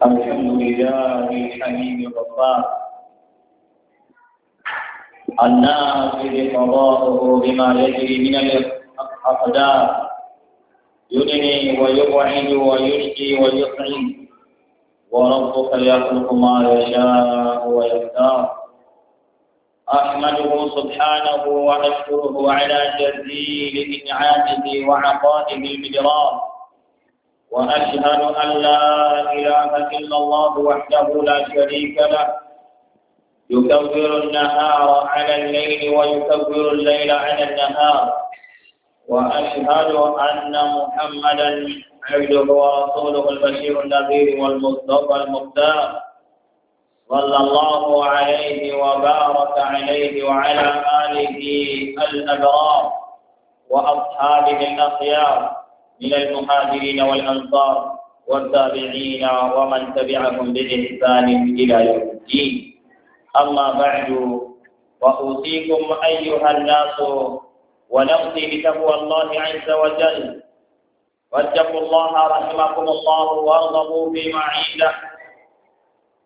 الحمد لله الحميد الغفار الناصر قضاؤه بما يجري من الأقدار يدني ويبعد ويشقي ويطعم وربك يخلق ما يشاء ويختار أحمده سبحانه وأشكره على جزيل إنعامه وعطائه المجرام وأشهد أن لا إله إلا الله وحده لا شريك له يكبر النهار على الليل ويكبر الليل على النهار وأشهد أن محمدا عبده ورسوله البشير النذير والمصطفى المختار صلى الله عليه وبارك عليه وعلى آله الأبرار وأصحابه الأخيار من المهاجرين والأنصار والتابعين ومن تبعهم بإحسان إلى يوم الدين أما بعد وأوصيكم أيها الناس ونفسي بتقوى الله عز وجل واتقوا الله رحمكم الله وارغبوا فيما عنده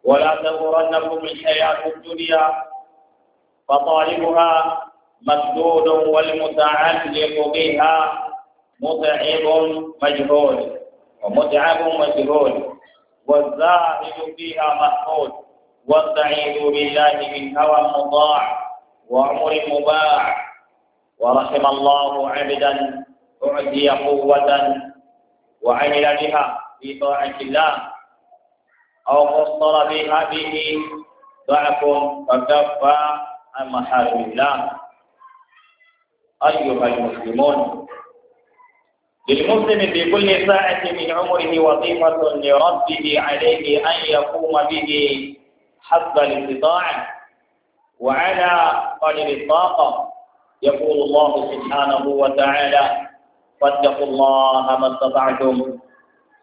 ولا تغرنكم الحياة الدنيا فطالبها مسدود والمتعلق بها متعب مجهول ومتعب مجهول والزاهد فيها محمود واستعيذ بالله من هوى مطاع وعمر مباع ورحم الله عبدا أعطي قوة وعمل بها في طاعة الله أو قصر بها به ضعف فكفى عن محارم الله أيها المسلمون للمسلم في كل ساعة من عمره وظيفة لربه عليه أن يقوم به حسب الاستطاعة وعلى قدر الطاقة يقول الله سبحانه وتعالى فاتقوا الله ما استطعتم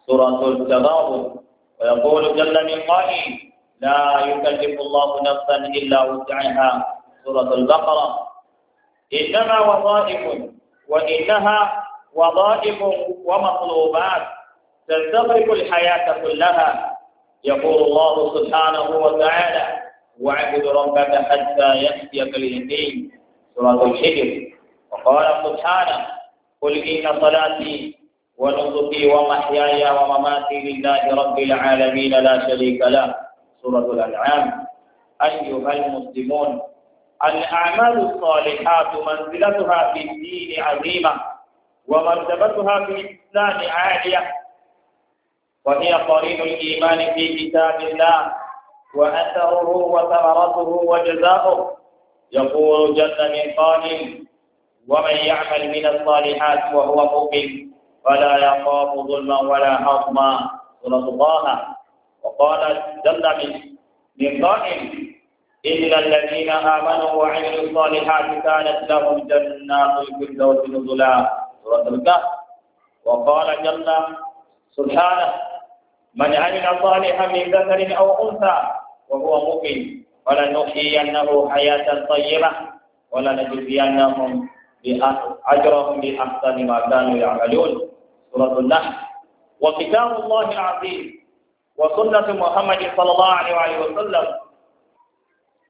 سورة التغابن ويقول جل من قائل لا يكلف الله نفسا إلا وسعها سورة البقرة إنما وظائف وإنها وظائف ومطلوبات تستغرق الحياة كلها يقول الله سبحانه وتعالى واعبد ربك حتى يأتيك اليقين سورة الحجر وقال سبحانه قل إن صلاتي ونصفي ومحياي ومماتي لله رب العالمين لا شريك له سورة الأنعام أيها المسلمون الأعمال الصالحات منزلتها في الدين عظيمة ومرتبتها في الإسلام عالية وهي قرين الإيمان في كتاب الله وأثره وثمرته وجزاؤه يقول جل من قائل ومن يعمل من الصالحات وهو مؤمن فلا يخاف ظلما ولا هضما سورة الله وقال جل من من قائل إن الذين آمنوا وعملوا الصالحات كانت لهم جنات الفردوس نزلا سورة الكهف وقال جل سبحانه من عمل صالحا من ذكر أو أنثى وهو مؤمن فلنحيينه حياة طيبة ولنجزينهم أجرهم بأحسن ما كانوا يعملون سورة النحل وكتاب الله العظيم وسنة محمد صلى الله عليه وسلم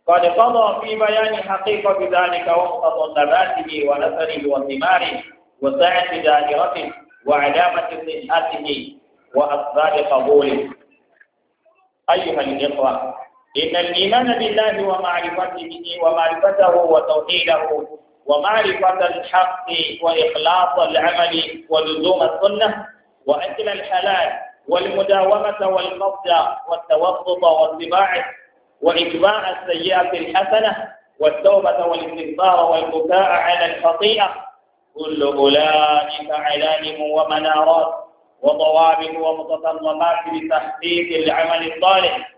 قد قضى في بيان حقيقة ذلك وقت طلباته ونثره وثماره وسعة دائرته وعلامة صحته وأسباب قبوله أيها الإخوة إن الإيمان بالله ومعرفته ومعرفته وتوحيده ومعرفة الحق وإخلاص العمل ولزوم السنة وأكل الحلال والمداومة والقصد والتوسط والطباع وإجماع السيئة الحسنة والتوبة والاستغفار والبكاء على الخطيئة كل أولئك علام ومنارات وضوابط ومتطلبات لتحقيق العمل الصالح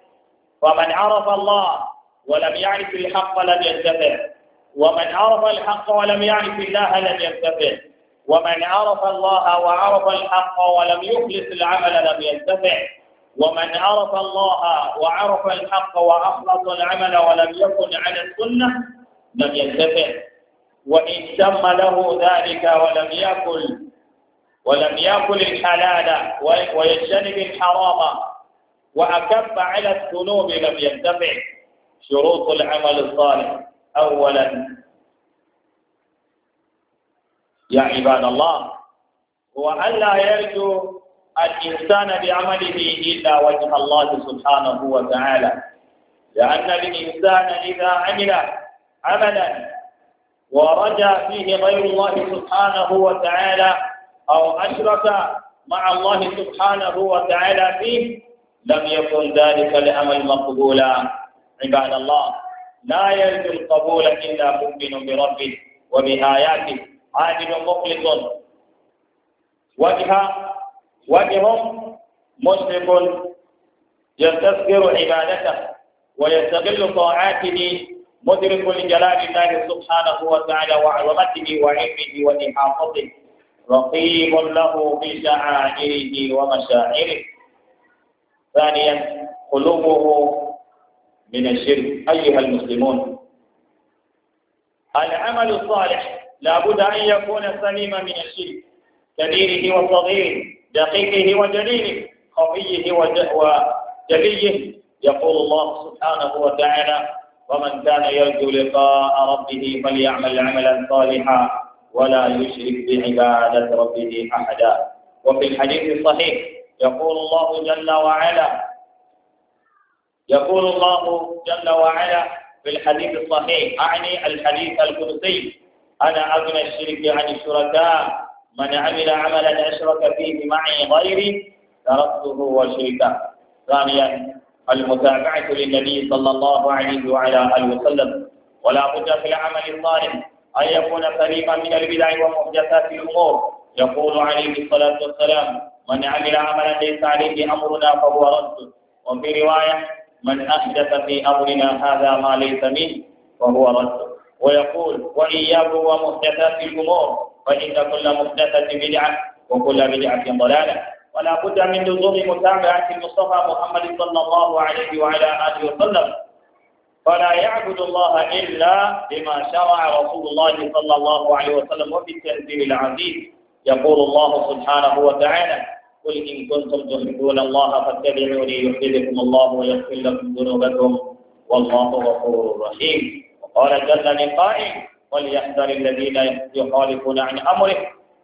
فمن عرف الله ولم يعرف الحق لم ينتفع ومن عرف الحق ولم يعرف الله لم ينتفع ومن عرف الله وعرف الحق ولم يخلص العمل لم ينتفع ومن عرف الله وعرف الحق وأخلص العمل ولم يكن على السنة لم ينتفع وإن تم له ذلك ولم يأكل ولم يأكل الحلال ويجتنب الحرام وأكف على الذنوب لم ينتفع شروط العمل الصالح أولا يا عباد الله هو ألا يرجو الإنسان بعمله إلا وجه الله سبحانه وتعالى لأن الإنسان إذا عمل عملا ورجا فيه غير الله سبحانه وتعالى أو أشرك مع الله سبحانه وتعالى فيه لم يكن ذلك الأمل مقبولا عباد الله لا يرجو القبول إلا مؤمن بربه وبآياته عادل مخلص وجه وجه مشرك يستذكر عبادته ويستغل طاعاته مدرك لجلال الله سبحانه وتعالى وعظمته وعلمه وإحاطته رقيب له في شعائره ومشاعره ثانيا قلوبه من الشرك أيها المسلمون العمل الصالح لابد أن يكون سليما من الشرك كبيره وصغيره دقيقه وجليله خفيه وجليه يقول الله سبحانه وتعالى ومن كان يرجو لقاء ربه فليعمل عملا صالحا ولا يشرك بعبادة ربه أحدا وفي الحديث الصحيح يقول الله جل وعلا يقول الله جل وعلا في الحديث الصحيح أعني الحديث القدسي أنا أغنى الشرك عن الشركاء من عمل عملا أشرك فيه معي غيري تركته وشركه ثانيا المتابعة للنبي صلى الله عليه وعلى آله وسلم ولا بد في العمل الصالح أن يكون سليما من البدع ومحدثات الأمور يقول عليه الصلاة والسلام من عمل عملا ليس عليه أمرنا فهو رد وفي رواية من أحدث في أمرنا هذا ما ليس منه فهو رد ويقول وإياكم ومحدثات الأمور فإن كل محدثة بدعة وكل بدعة ضلالة ولا بد من لزوم متابعة المصطفى محمد صلى الله عليه وعلى آله وسلم فلا يعبد الله إلا بما شرع رسول الله صلى الله عليه وسلم وبالتنزيل العزيز يقول الله سبحانه وتعالى قل إن كنتم تحبون الله فاتبعوني يحببكم الله ويغفر لكم ذنوبكم والله غفور رحيم وقال جل من قائل وليحذر الذين يخالفون عن أمره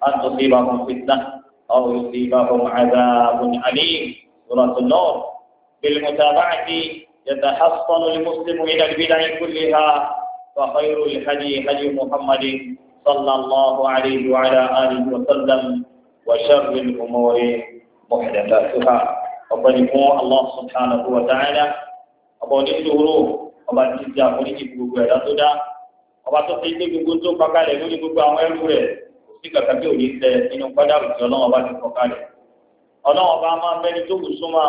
أن تصيبهم فتنة أو يصيبهم عذاب أليم سورة النور بالمتابعة يتحصن المسلم إلى البدع كلها فخير الهدي هدي محمد صلى الله عليه وعلى آله وسلم وشر الأمور محدثاتها ọ̀pẹ̀lẹ̀kún Allah subhanahu wa ta'ala ọba onídùúró ọba tí ìjà oníjì gbogbo ẹ̀dá tó dá ọba tó fi gbé gbogbo tó pàkàlẹ̀ lórí gbogbo àwọn ẹrú rẹ̀ sí kàkà bí òye tẹ nínú kádàrú tí ọlọ́wọ́n bá ti kọ́ka rẹ̀ ọlọ́wọ́n bá máa mẹ́ni tó kù súnmọ́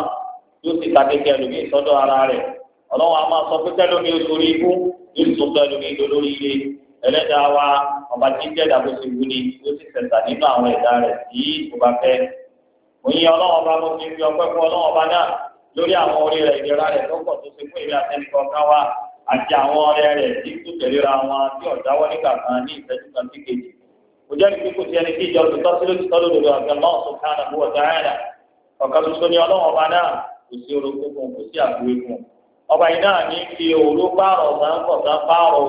yóò sì ta kékeré lómi ìsọdọ̀ ara rẹ̀ ọlọ́wọ́n á máa sọ pé tẹ́lómi olórí ikú yóò tún tẹ́ lómi olórí ilé ẹlẹ́dàá wa ọba tí ń jẹ́dá bó ti wù ni ó sì tẹ̀sà nínú àwọn ẹ̀dá rẹ̀ tí kò bá fẹ́ òyìn ọlọ́wọ́n bá mo fi fi ọpẹ́ fún ọlọ́wọ́n bá náà lórí àwọn orí rẹ̀ ìlera rẹ̀ tó pọ̀ tó òjẹ́ni kíkú ti ẹni kí ìjọ òtítọ́ sílé òtítọ́ lòdòdò àgbẹ̀mọ́ subhanahu wa ta'ala ọ̀kan tuntun ni ọlọ́run ọba náà kò sí orogún fún kò sí àbúrò ọba yìí náà ní fi òru pààrọ̀ ọ̀sán kọ̀ọ̀sán pààrọ̀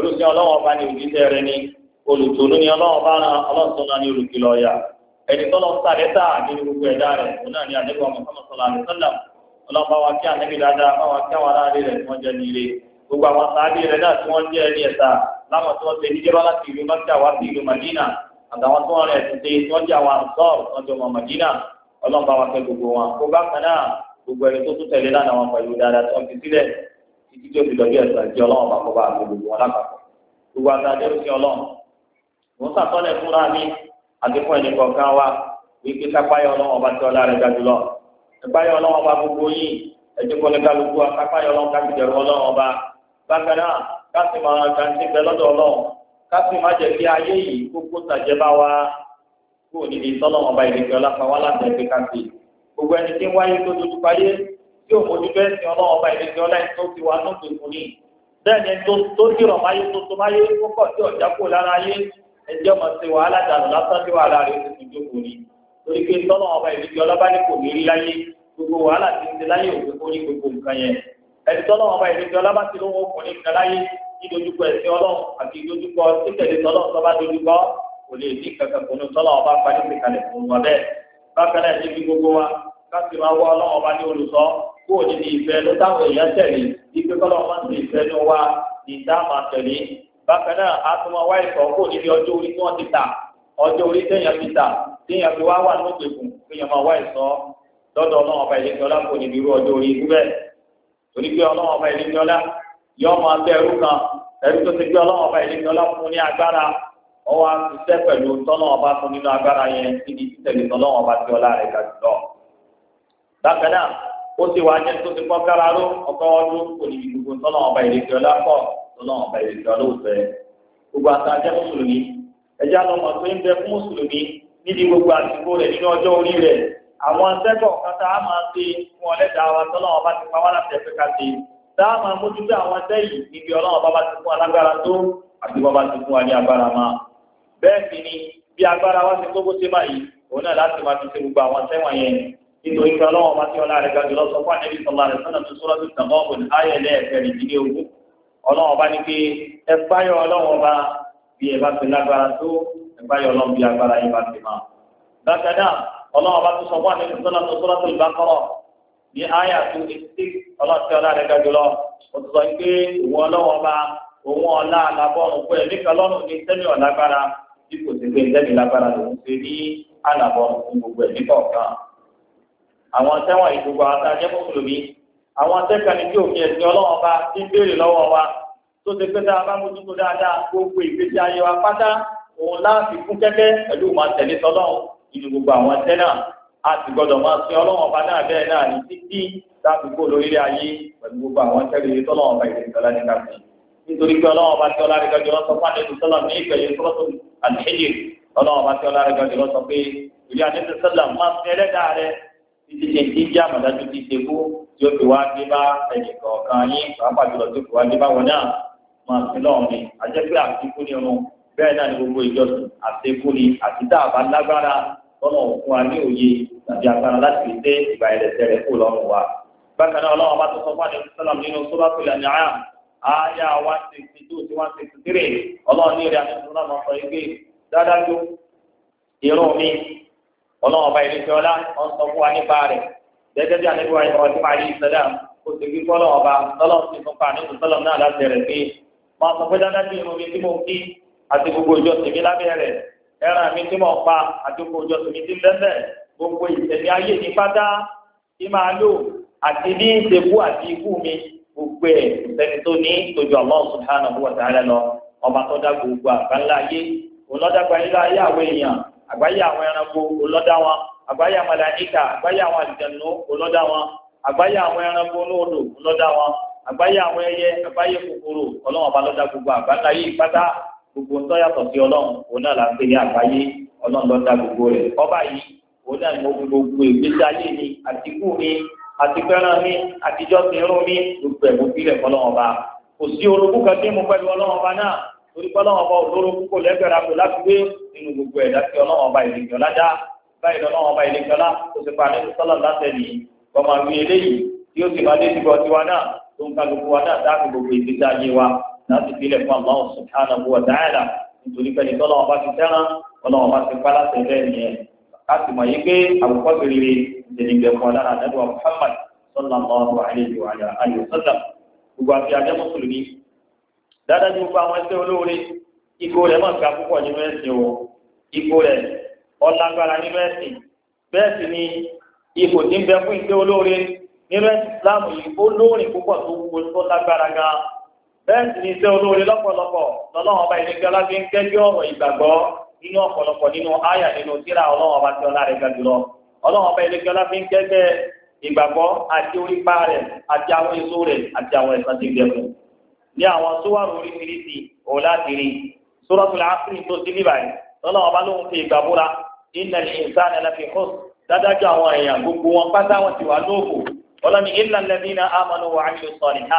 òru ọba ọba ọlọ́pàá wa kí ànábì dáadáa bá wa kí àwọn aráàlú rẹ̀ tí wọ́n jẹ́ nílé gbogbo àwọn sáábì rẹ̀ náà tí wọ́n jẹ́ ẹni ẹ̀ta láwọn tí wọ́n ṣe níjẹ́bá láti ìlú mọ́tí àwa sí ìlú Madina àtàwọn tí wọ́n rẹ̀ ti ṣe tí wọ́n jẹ́ àwọn àǹsọ́ọ̀ tí wọ́n jẹ́ ọmọ Madina ọlọ́pàá wa kẹ́ gbogbo wọn kó bákan náà gbogbo ẹni tó tún tẹ̀lé lánàá wọn pẹ̀lú dáadáa tí wọ́n fi sílẹ̀ títí tó fi lọ́jọ́ ẹ̀sán jẹ́ ọlọ́run ẹ̀páyọ̀ ọlọ́wọ́n ọba gbogbo yìí ẹ̀jẹ̀ kọ́lẹ́ kálukú akápáyọ̀ ọlọ́wọ́n kábíjẹ̀rù ọlọ́wọ́n ọba bákan náà káàsì máa kàǹtì bẹ lọ́dọ̀ ọlọ́wọ́n káàsì máa jẹ́ kí ayé yìí gbogbo tàjẹ́ bá wa kó nídìí sọ́lọ́wọ́n ọba ìdíkẹ́ ọlápá wá láti ẹgbẹ́ káàsì gbogbo ẹni tí ń wáyé tó dojú payé tí ò mójú bẹ́ẹ̀ sí ọlọ́wọ́n ọba ìdíkẹ́ ọláyìn tó ti wá lóde fún ni bẹ́ẹ̀ni tó torí pé tọ́lọ̀ ọba ìdíje ọlọ́ba ní kò ní rí láyé gbogbo wàhálà ti ń ṣe láyé òwe kó ní gbogbo nǹkan yẹn ẹni tọ́lọ̀ ọba ìdíje ọlọ́ba ti lówó ọkùnrin kan láyé ìdojúkọ ẹ̀sìn ọlọ́run àti ìdojúkọ títẹ̀lé tọ́lọ̀ ọba dojúkọ kò lè ní kankan kò ní tọ́lọ̀ ọba parí ti kalẹ̀ fún wa bẹ́ẹ̀ bákan náà ní gbogbo wa káfí máa wọ ọlọ́run ọba ní olùsọ kó o ní ní ìfẹ́ ló táwọn èèyàn tẹ̀lé ipe kọ́lọ́ máa ń ṣe ìfẹ́ ní wa orí tí wọ́n ta téèyàn fi wá wà lóde kù téèyàn máa wá ìsọ lọ́dọ̀ ọlọ́run ọba ìlẹsẹ ọlá kò ní irú ọjọ́ orí ibú bẹ́ẹ̀ torí pé ọlọ́run ọba ìlẹsẹ ọlá yọ ọmọ abẹ ẹrú kan ẹrú tó ti gbé ọlọ́run ọba ìlẹsẹ ọlá fún ní agbára ọwọ́ àtúnṣe pẹ̀lú tọlọ́run ọba fún nínú agbára yẹn níbi títẹ̀lé tọlọ́run ọba tí ọlá rẹ̀ ga jùlọ. bákan náà ó ti wà jẹ tó ti kọ kára ló ọkọ ọdún kò ní gbogbo tọlọ́run ọba ìlẹsẹ ọlá kọ níbi gbogbo àsìkò rẹ̀ nínú ọjọ́ orí rẹ̀ àwọn sẹ́kọ̀ kan tá a máa ṣe fún ọlẹ́dàá wa tọ́lá wọn bá ti pa wá láti ẹ̀fẹ́ ká ṣe tá a máa àwọn ẹsẹ́ yìí níbi ọlọ́wọ́n bá bá ti fún alágbára tó àti bá bá ti fún wa ní agbára máa bẹ́ẹ̀ sì ni bí agbára wa ti tó bó ṣe báyìí òun náà láti máa fi ṣe gbogbo àwọn sẹ́wọ̀n yẹn nítorí pé ọlọ́wọ́n bá ti ọlá rẹ̀ ga jùlọ sọ fún àdébí sọlá rẹ̀ sọ́nà tó sọ́nà tó tàn bọ́ọ̀bù ayẹlẹ́ ẹ̀fẹ̀rẹ̀ ìdílé ogun ọlọ́wọ́n bá ní ẹgbáyọ̀ ọlọ́run bí agbára yín bá ti máa. bákan náà ọlọ́run bá tún sọ fún àlejò sọ́nà tó sọ́nà tó ìbá kọ́rọ̀ ní àyà tó etí ọlọ́tí ọlá rẹ̀ gàdú lọ. ó ti sọ pé òun ọlọ́run ọba òun ọlá alábọ́ọ̀rùn pé ẹ̀mí kan lọ́rùn ní sẹ́mi ọ̀lágbára bí kò sí pé sẹ́mi lágbára lòun ṣe ní alábọ́ọ̀rùn fún gbogbo ẹ̀mí kọ̀ọ̀kan. àwọn tẹ́wọ̀n ìgbogbo àti ajẹ́kọ̀ọ́kùnrin mi àwọn tẹ́kànnì tí òfin ẹ̀sìn ọlọ́run ọba ti béèrè lọ́wọ́ wa tó ti pé tá a bá mójútó dáadáa gbogbo ìgbésí ayé wa pátá òun láti kún kẹ́kẹ́ pẹ̀lú máa tẹ̀lé tọ́lọ́run nínú gbogbo àwọn ẹsẹ̀ náà a sì gbọdọ̀ máa sin ọlọ́run ọba náà bẹ́ẹ̀ náà ní títí láti kó lórílẹ̀ ayé pẹ̀lú gbogbo àwọn ẹsẹ̀ rere tọ́lọ́run ọba ìrìn tọ́lá ní káfí nítorí pé ọlọ́run ọba tí ọlá rẹ̀ gàdúrà sọ fún àdéhùn sọ́lá ní ìgbẹ̀yẹ sọ́lọ́tò àlẹ́yẹ ọlọ́run ọba tí ọlá rẹ̀ gàdúrà sọ pé ìlú àdéhùn sọ́lá máa fi ẹlẹ́dàá rẹ̀ títí ṣe ti jẹ́ àmọ̀dájú ti ṣe kú tí ó fi wá dé bá ẹnì kọ̀ọ̀kan yín pàápàá jùlọ tó fi wá dé bá wọn náà máa fi lọ́ọ̀ àjẹpẹ́ àfikún ní bẹ́ẹ̀ náà ni gbogbo ìjọsìn àtẹkù ni àti tá a bá lágbára lọ́nà òkun wa ní òye tàbí agbára láti dé ìgbà ẹ̀rẹ̀tẹ̀ rẹ̀ kó lọ́rùn wa. bákan náà ọlọ́run bá tó sọ fún àdéhùn sọ́lá nínú suratul An'am àyà one sixty two sí one sixty three ọlọ́run ní ìrìn àti sọ́lá máa sọ igbe dáadájú irun mi ọlọ́run ọba ìlú fiọ́lá ọ̀n sọ fún wa nípa rẹ̀ gẹ́gẹ́ bí àdéhùn ọ̀rọ̀ tí màá yí sẹ́dá ó àti gbogbo ìjọ tèmi lábẹ́rẹ̀ ẹran mi tí mò ń pa àti gbogbo ìjọ tèmi tí lẹ́lẹ̀ gbogbo ìtẹ̀mí ayé mi pátá tí máa lò àti ní ìdèkú àti ikú mi gbogbo ẹ̀ sẹ́ni tó ní tójú Allah subhanahu wa ta'ala lọ ọba tó dá gbogbo àgbáńlá ayé òǹlọ́dàgbà ilé ayé àwọn èèyàn àgbáyé àwọn ẹranko òǹlọ́dà wọn àgbáyé àwọn màláíkà àgbáyé àwọn àlùjànnú òǹlọ́dà wọn àgbáyé àwọn ẹranko olóòdò òǹlọ́dà wọn àgbáyé àwọn ẹyẹ àgbáyé kòkòrò ọlọ́wọ́n ọba lọ́dà gbogbo àgbáńlá yìí pátá gbogbo ńtọ́ yàtọ̀ sí ọlọ́run òun náà là ń pè ní àgbáyé ọlọ́run ló dá gbogbo rẹ̀ ọba yìí òun náà ni mo fi gbogbo ìgbésí ayé mi àtikú mi àtifẹ́ràn mi àtijọ́ ti rún mi gbogbo ẹ̀ mo fi rẹ̀ fọlọ́run ọba kò sí orogún kan tí mo pẹ̀lú ọlọ́run ọba náà torí fọlọ́run ọba olórogún kò lẹ́gbẹ̀rẹ́ àpò láti gbé nínú gbogbo ẹ̀dá sí ọlọ́run ọba ìlẹ̀kẹ̀ na filẹ̀ fún Allah subhanahu wa ta'ala ti fẹ́ràn ọlọ́wọ́ bá ti pa láti ẹgbẹ́ nìyẹn láti mọ̀ yí pé àwùkọ́ Muhammad sallallahu alayhi wa alihi wa sallam gbogbo àti ajẹ́ mùsùlùmí dáadáa ní gbogbo àwọn ẹgbẹ́ olóore ipò o ni bẹ́ẹ̀ sì ni iṣẹ́ olóore lọ́pọ̀lọpọ̀ lọ́lọ́wọ́n ọba ìdíkẹ́ ọlá fi ń kẹ́jọ́ ọ̀rọ̀ ìgbàgbọ́ nínú ọ̀pọ̀lọpọ̀ nínú àyà nínú tíra ọlọ́wọ́n ọba tí ọlá rẹ̀ ga jùlọ ọlọ́wọ́n ọba ìdíkẹ́ ọlá fi ń kẹ́jẹ́ ìgbàgbọ́ àti orípa rẹ̀ àti àwọn èso rẹ̀ àti àwọn ẹ̀sán ti gbẹ̀kù ní àwọn sówárò oríṣiríṣi òun láti rí sórọ́tù láàfin tó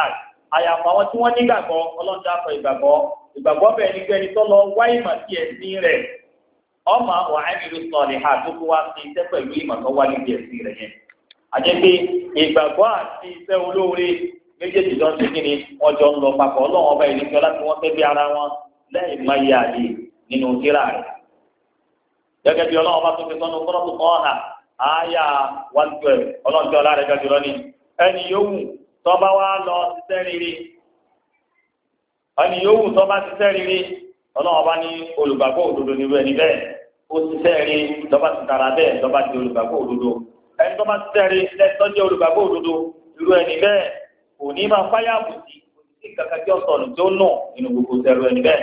àyàfà wọn tí wọ́n nígbàgbọ́ ọlọ́run Afọ ìgbàgbọ́ ìgbàgbọ́ bẹ́ẹ̀ ni gbẹ́ni tó lọ wá ìmọ̀ sí ẹ̀sìn rẹ̀ ọmọ àwọn àìmìlú sọ̀rọ̀ ha tó kó wá sí iṣẹ́ pẹ̀lú ìmọ̀ wá níbi rẹ̀ yẹn. ìgbàgbọ́ àti iṣẹ́ olóore méjèèjì kí ni wọ́n jọ ń lọ papọ̀ ọlọ́run ọba ìlú kíọ́lá tí wọ́n fẹ́ bí ara wọn lẹ́yìn nínú kíra rẹ̀. gẹ́gẹ́ bí tọ́ba wa lọ ṣiṣẹ́ rere ẹni yòówù tọ́ba ṣiṣẹ́ rere ọlọ́wọ́n bá ní olùgbàgbọ́ òdodo nírú ẹni bẹ́ẹ̀ ó ṣiṣẹ́ rere tọ́ba ti tara bẹ́ẹ̀ tọ́ba di olùgbàgbọ́ òdodo ẹni tọ́ba ṣiṣẹ́ rere tọ́jú olùgbàgbọ́ òdodo irú ẹni bẹ́ẹ̀ kò ní máa fáyà bùsí sí kankan tí ó sọnù tí ó nù nínú gbogbo sẹ́rù ẹni bẹ́ẹ̀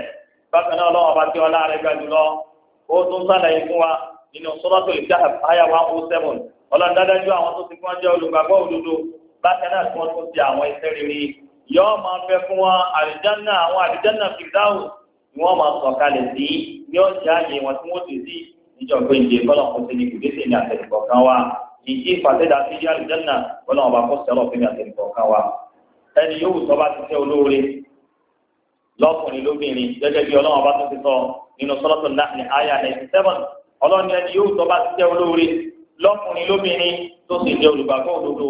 bákan náà ọlọ́wọ́n bá ti ọlá rẹ̀ ga jùlọ ó tún sálàyé fún wa nínú sọ́dọ̀tò oh ìjáhà bákan náà tí wọ́n tún ti àwọn iṣẹ́ rere yọ́ máa fẹ́ fún wọn àlìjánà àwọn àlìjánà fìdáwò ni wọ́n máa sọ̀ kalẹ̀ sí ní ọjà àyè wọn tí wọ́n ti sí níjọba ìdè kọ́lọ̀ kó sẹ́ni kò déṣe ní àtẹnukọ̀ kan wa ìdí ìfàṣẹ́dá sí yá àlìjánà kọ́lọ̀ ọba kó sẹ́rọ̀ fún ní àtẹnukọ̀ kan wa ẹni yóò sọ bá ti tẹ́ olóore lọ́kùnrin lóbìnrin gẹ́gẹ́ bí ọlọ́run ọba tó ti sọ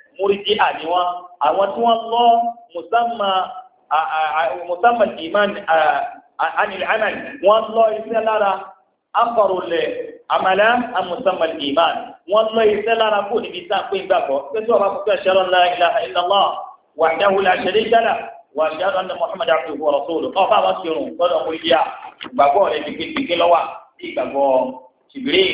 múrídí àníwọ́n àwọn tí wọ́n lọ musamman iman anil amal wọ́n lọ iṣẹ́ lára akọrùlẹ̀ amala musamman iman wọ́n lọ iṣẹ́ lára kó níbi sáà pé ìgbàgbọ́ pẹ́sọ́ ọba kúkú ẹ̀ṣẹ́rọ̀ la ilaha illallah wahdahu la sharika lahu wà á ṣáájú ọ̀nà Muhammad abdulhu rasulu ọba àwọn ti rùn lọ́dọ̀ kò yíya ìgbàgbọ́ rẹ̀ ti kékeré lọ́wọ́ ìgbàgbọ́ tìbírí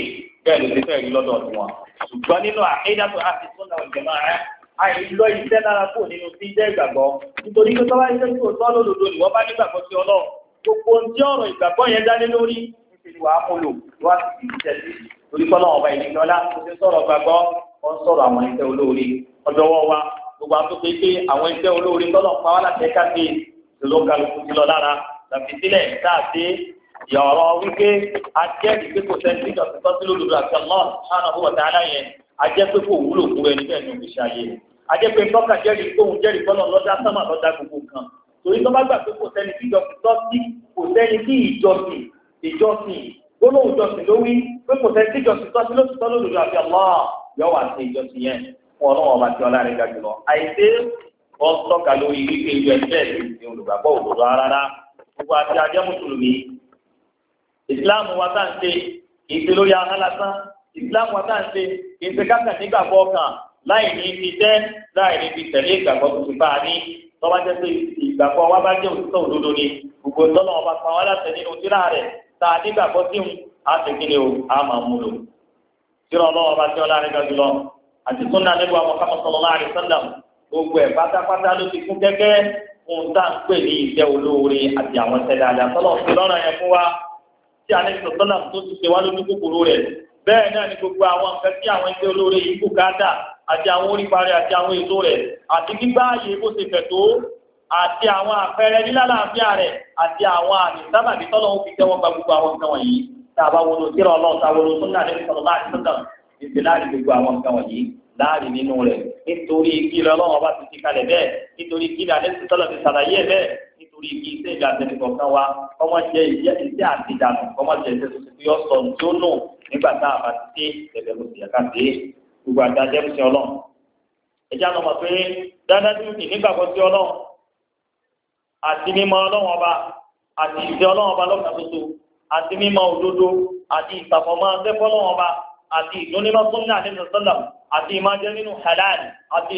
bẹ́ẹ̀ ló ti fẹ́ rí lọ́dọ̀ ọ̀dùn wọn ṣùgbọ́n nínú àkéjàtò àti sunna wal jamaa àìlọ iṣẹ́ lára kò nínú sí jẹ́ ìgbàgbọ́ nítorí pé tọ́wá iṣẹ́ tí kò tọ́ lódodo ni wọ́n bá nígbàgbọ́ sí ọlọ́ gbogbo ohun tí ọ̀rọ̀ ìgbàgbọ́ yẹn dá lé lórí nítorí wàá mú lò wá sí ìṣẹ̀lẹ̀ torí kọ́lọ́ ọba ìdíjọ́ lá kò sí sọ̀rọ̀ gbàgbọ́ wọ́n sọ̀rọ̀ àwọn iṣẹ́ olóore ọjọ́wọ́ wa gbogbo àtúnṣe pé àwọn iṣẹ́ olóore tọ́lọ̀ pa wá láti ẹ̀ka sí ìlú kálukú sí lọ lára tàbí sílẹ̀ yọ̀rọ̀ wípé ajẹ́rìí pé kò sẹ́ni tó ti tọ́sí lólu àti ọlọ́run sánà owó ọ̀tá aláyẹn ajẹ́ pé kò wúlò fún ẹni bẹ́ẹ̀ ní òbí ṣayé ajẹ́ pé tọ́ka jẹ́rìí pé òun jẹ́rìí kọ́nà lọ́dá sánmà lọ́dá gbogbo kan torí tó bá gbà pé kò sẹ́ni tí ìjọ tọ́sí kò sẹ́ni tí ìjọsìn ìjọsìn gbólóhùn ìjọsìn ló wí pé kò sẹ́ni tí ìjọsìn tọ́sí ló ti tọ́ lólu àti ọlọ́run yọ wà sí ìjọsìn yẹn fún ọlọ́run ọba tí ọlá rẹ̀ ga jùlọ àìsí wọ́n tọ́ka lórí wípé ẹgbẹ́ ìlú olùgbàgbọ́ òdòdó rárá gbogbo àti ajẹ́ mùsùlùmí Islam wa tá à ń ṣe ìṣe lórí ara lásán ìsìláàmù wa tá à ń ṣe nígbàgbọ́ kan láì ní fi tẹ́ láì ní fi tẹ̀lé ìgbàgbọ́ tó ti bá a ní tọ́ba jẹ́ pé ìgbàgbọ́ wa bá jẹ́ òtítọ́ òdodo ni gbogbo ìtọ́nà ọba pa wá láti nínú tíra rẹ̀ tá a nígbàgbọ́ sí òun á ti kí ni o á máa mú lò tíra ọlọ́wọ́ ọba tí ọlá rẹ̀ ga jùlọ àti súnà nígbà Muhammad sallallahu alaihi wasallam gbogbo ẹ̀ pátápátá ló ti kún kẹ́kẹ́ fún tá ní ìjẹ́ olóore àti àwọn ìṣẹ̀dá àdàtọ́lọ́ tí alẹ́ sọ sọ́là tó ti ṣe wá lórí kòkòrò rẹ̀ bẹ́ẹ̀ náà ni gbogbo àwọn nǹkan tí àwọn ẹgbẹ́ olóore yìí kò káàdà àti àwọn orípa rẹ̀ àti àwọn èso rẹ̀ àti gbígbá ààyè bó ṣe fẹ̀ tó àti àwọn àpẹẹrẹ nílàlàáfíà rẹ̀ àti àwọn àmì sábàbí tọ́lọ́ fi tẹ́ wọn gba gbogbo àwọn nǹkan wọ̀nyí tá a bá wọlé síra ọlọ́run tá a láàrin nínú rẹ̀ nítorí kí lọ́wọ́ bá ti ti kalẹ̀ bẹ́ẹ̀ nítorí kí lọ́wọ́ bá ti ti kalẹ̀ bẹ́ẹ̀ torí kí iṣẹ́ ìgbà tẹ̀lé kọ̀ọ̀kan wa ọmọ jẹ ìjẹ́ iṣẹ́ àtijànù ọmọ jẹ iṣẹ́ tuntun tí yóò sọ tí ó nù nígbà tá a bá ti dé tẹ̀lé ló ti yàtá dé gbogbo àti ajẹ́ fún sí ọlọ́run ẹ̀jẹ̀ àná mọ̀ pé dáadájú ìnígbàgbọ́ sí ọlọ́run àti mímọ̀ ọlọ́run ọba àti ìfẹ́ ọlọ́run ọba lọ́kàn tuntun àti mímọ̀ òdodo àti ìsàfọ̀mọ́ akẹ́kọ̀ọ́ ọlọ́run ọba àti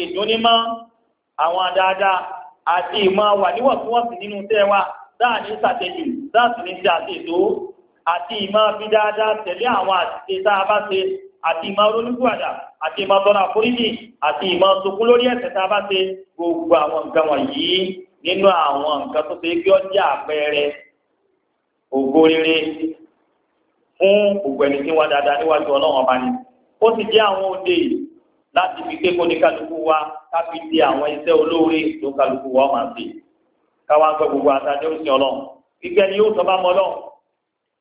ìdúnnímọ̀ àti ìmọ̀ wà níwọ̀ntúnwọ̀nsì nínú tẹ́ wa dáà ní sàtẹ̀jù dáà sì ní ṣe àṣètò àti ìmọ̀ fi dáadáa tẹ̀lé àwọn àṣìṣe tá a bá ṣe àti ìmọ̀ ronúgbàdà àti ìmọ̀ tọ́ra foríjì àti ìmọ̀ sokún lórí ẹ̀ṣẹ̀ tá a bá ṣe gbogbo àwọn nǹkan wọ̀nyí nínú àwọn nǹkan tó ṣe kí ó jẹ́ àpẹẹrẹ ògo rere fún gbogbo tí wọ́n dáadáa níwájú ọlọ́run ọba ni ó sì jẹ́ àwọn òde yìí láti fi ké kóni kálukú wa káfi di àwọn iṣẹ́ olóore tó kálukú wa máa fi káwa gbọ́ gbogbo àtàdé òsì ọlọ́run ìgbẹ́ ni yóò sọ́ba mọ́ ọlọ́run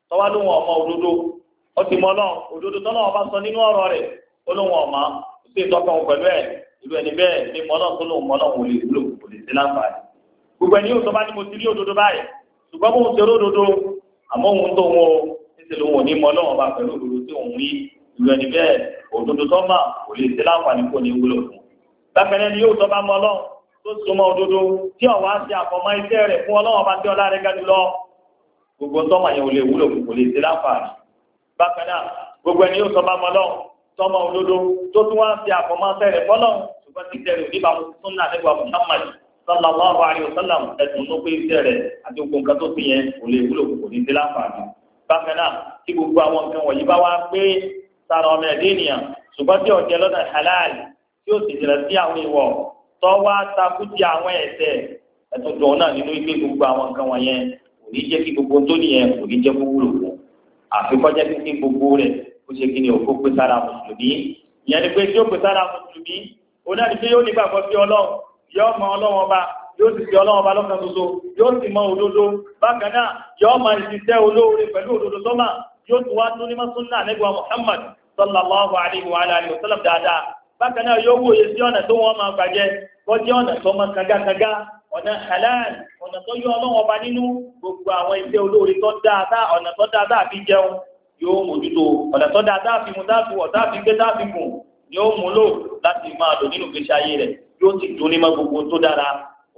tọ́wá ló wọn ọmọ òdodo ó ti mọ ọlọ́run òdodo tọ́lọ́ wọn bá sọ nínú ọ̀rọ̀ rẹ̀ ó ló wọn ọmọ ó sì tọ́ka wọn pẹ̀lú ẹ̀ ìlú ẹni bẹ́ẹ̀ ni mọ́ ọlọ́run tó lóun mọ́ ọlọ́run ò wúlò kò lè sí láǹfààní gbogbo ẹni yóò sọ́ba ni mo ti rí òdodo báyìí ṣùgbọ́n mo ń ṣe olódodo àmọ́ òun tó wọn o níṣẹ́ lòun ò ní mọ́ ọlọ́run ìlú ẹni bẹ́ẹ̀ òdodo tó mà kò lè ṣe láǹfààní kò ní wúlò fún. bákan náà ni yóò tọ́ bá mọ ọlọ́run tó súnmọ́ òdodo tí ọ̀wá ṣe àfọmọ́ iṣẹ́ rẹ̀ fún ọlọ́run bá tí ọlá rẹ̀ ga jùlọ. gbogbo tó mà yẹn ò lè wúlò fún kò lè ṣe láǹfààní. bákan náà gbogbo ẹni yóò tọ́ bá mọ ọlọ́run tọ́mọ òdodo tó tún wá ṣe àfọmọ́ iṣẹ́ rẹ̀ fọlọ́run ṣùgbọ́n ti tẹ̀lé wa sallam sára ọmọ ẹ̀dẹ́ ènìyàn ṣùgbọ́n tí ọ̀jẹ̀ lọ́nà halal tí ó sì jìnnà sí àwọn ìwọ̀ tó wá takú ti àwọn ẹ̀ṣẹ̀ ẹ̀tún dùn náà nínú ilé gbogbo àwọn nǹkan wọ̀nyẹn kò ní jẹ́ kí gbogbo tó nìyẹn kò ní jẹ́ kó wúlò fún àfikọ́jẹ́ kí gbogbo rẹ̀ kó ṣe kí ni òkú pé sára mùsùlùmí ìyẹn ni pé tí ó pè sára mùsùlùmí òun náà ni pé sí ọlọ́run yóò sallallahu alaihi wa alihi wa sallam dáadáa bákan náà yóò wòye sí ọ̀nà tó wọ́n máa gbàjẹ́ kọjá ọ̀nà tó máa kagakaga ọ̀nà halal ọ̀nà tó yọ ọlọ́wọ́n ọba nínú gbogbo àwọn iṣẹ́ olóore tó dáadáa ọ̀nà tó dáadáa fi jẹun yóò mójútó ọ̀nà tó dáadáa fi mu dáàfi wọ̀ dáàfi gbé dáàfi gùn yóò múlò láti máa lò nínú gbèsè ayé rẹ̀ yóò sì dún ní mọ́ gbogbo tó dára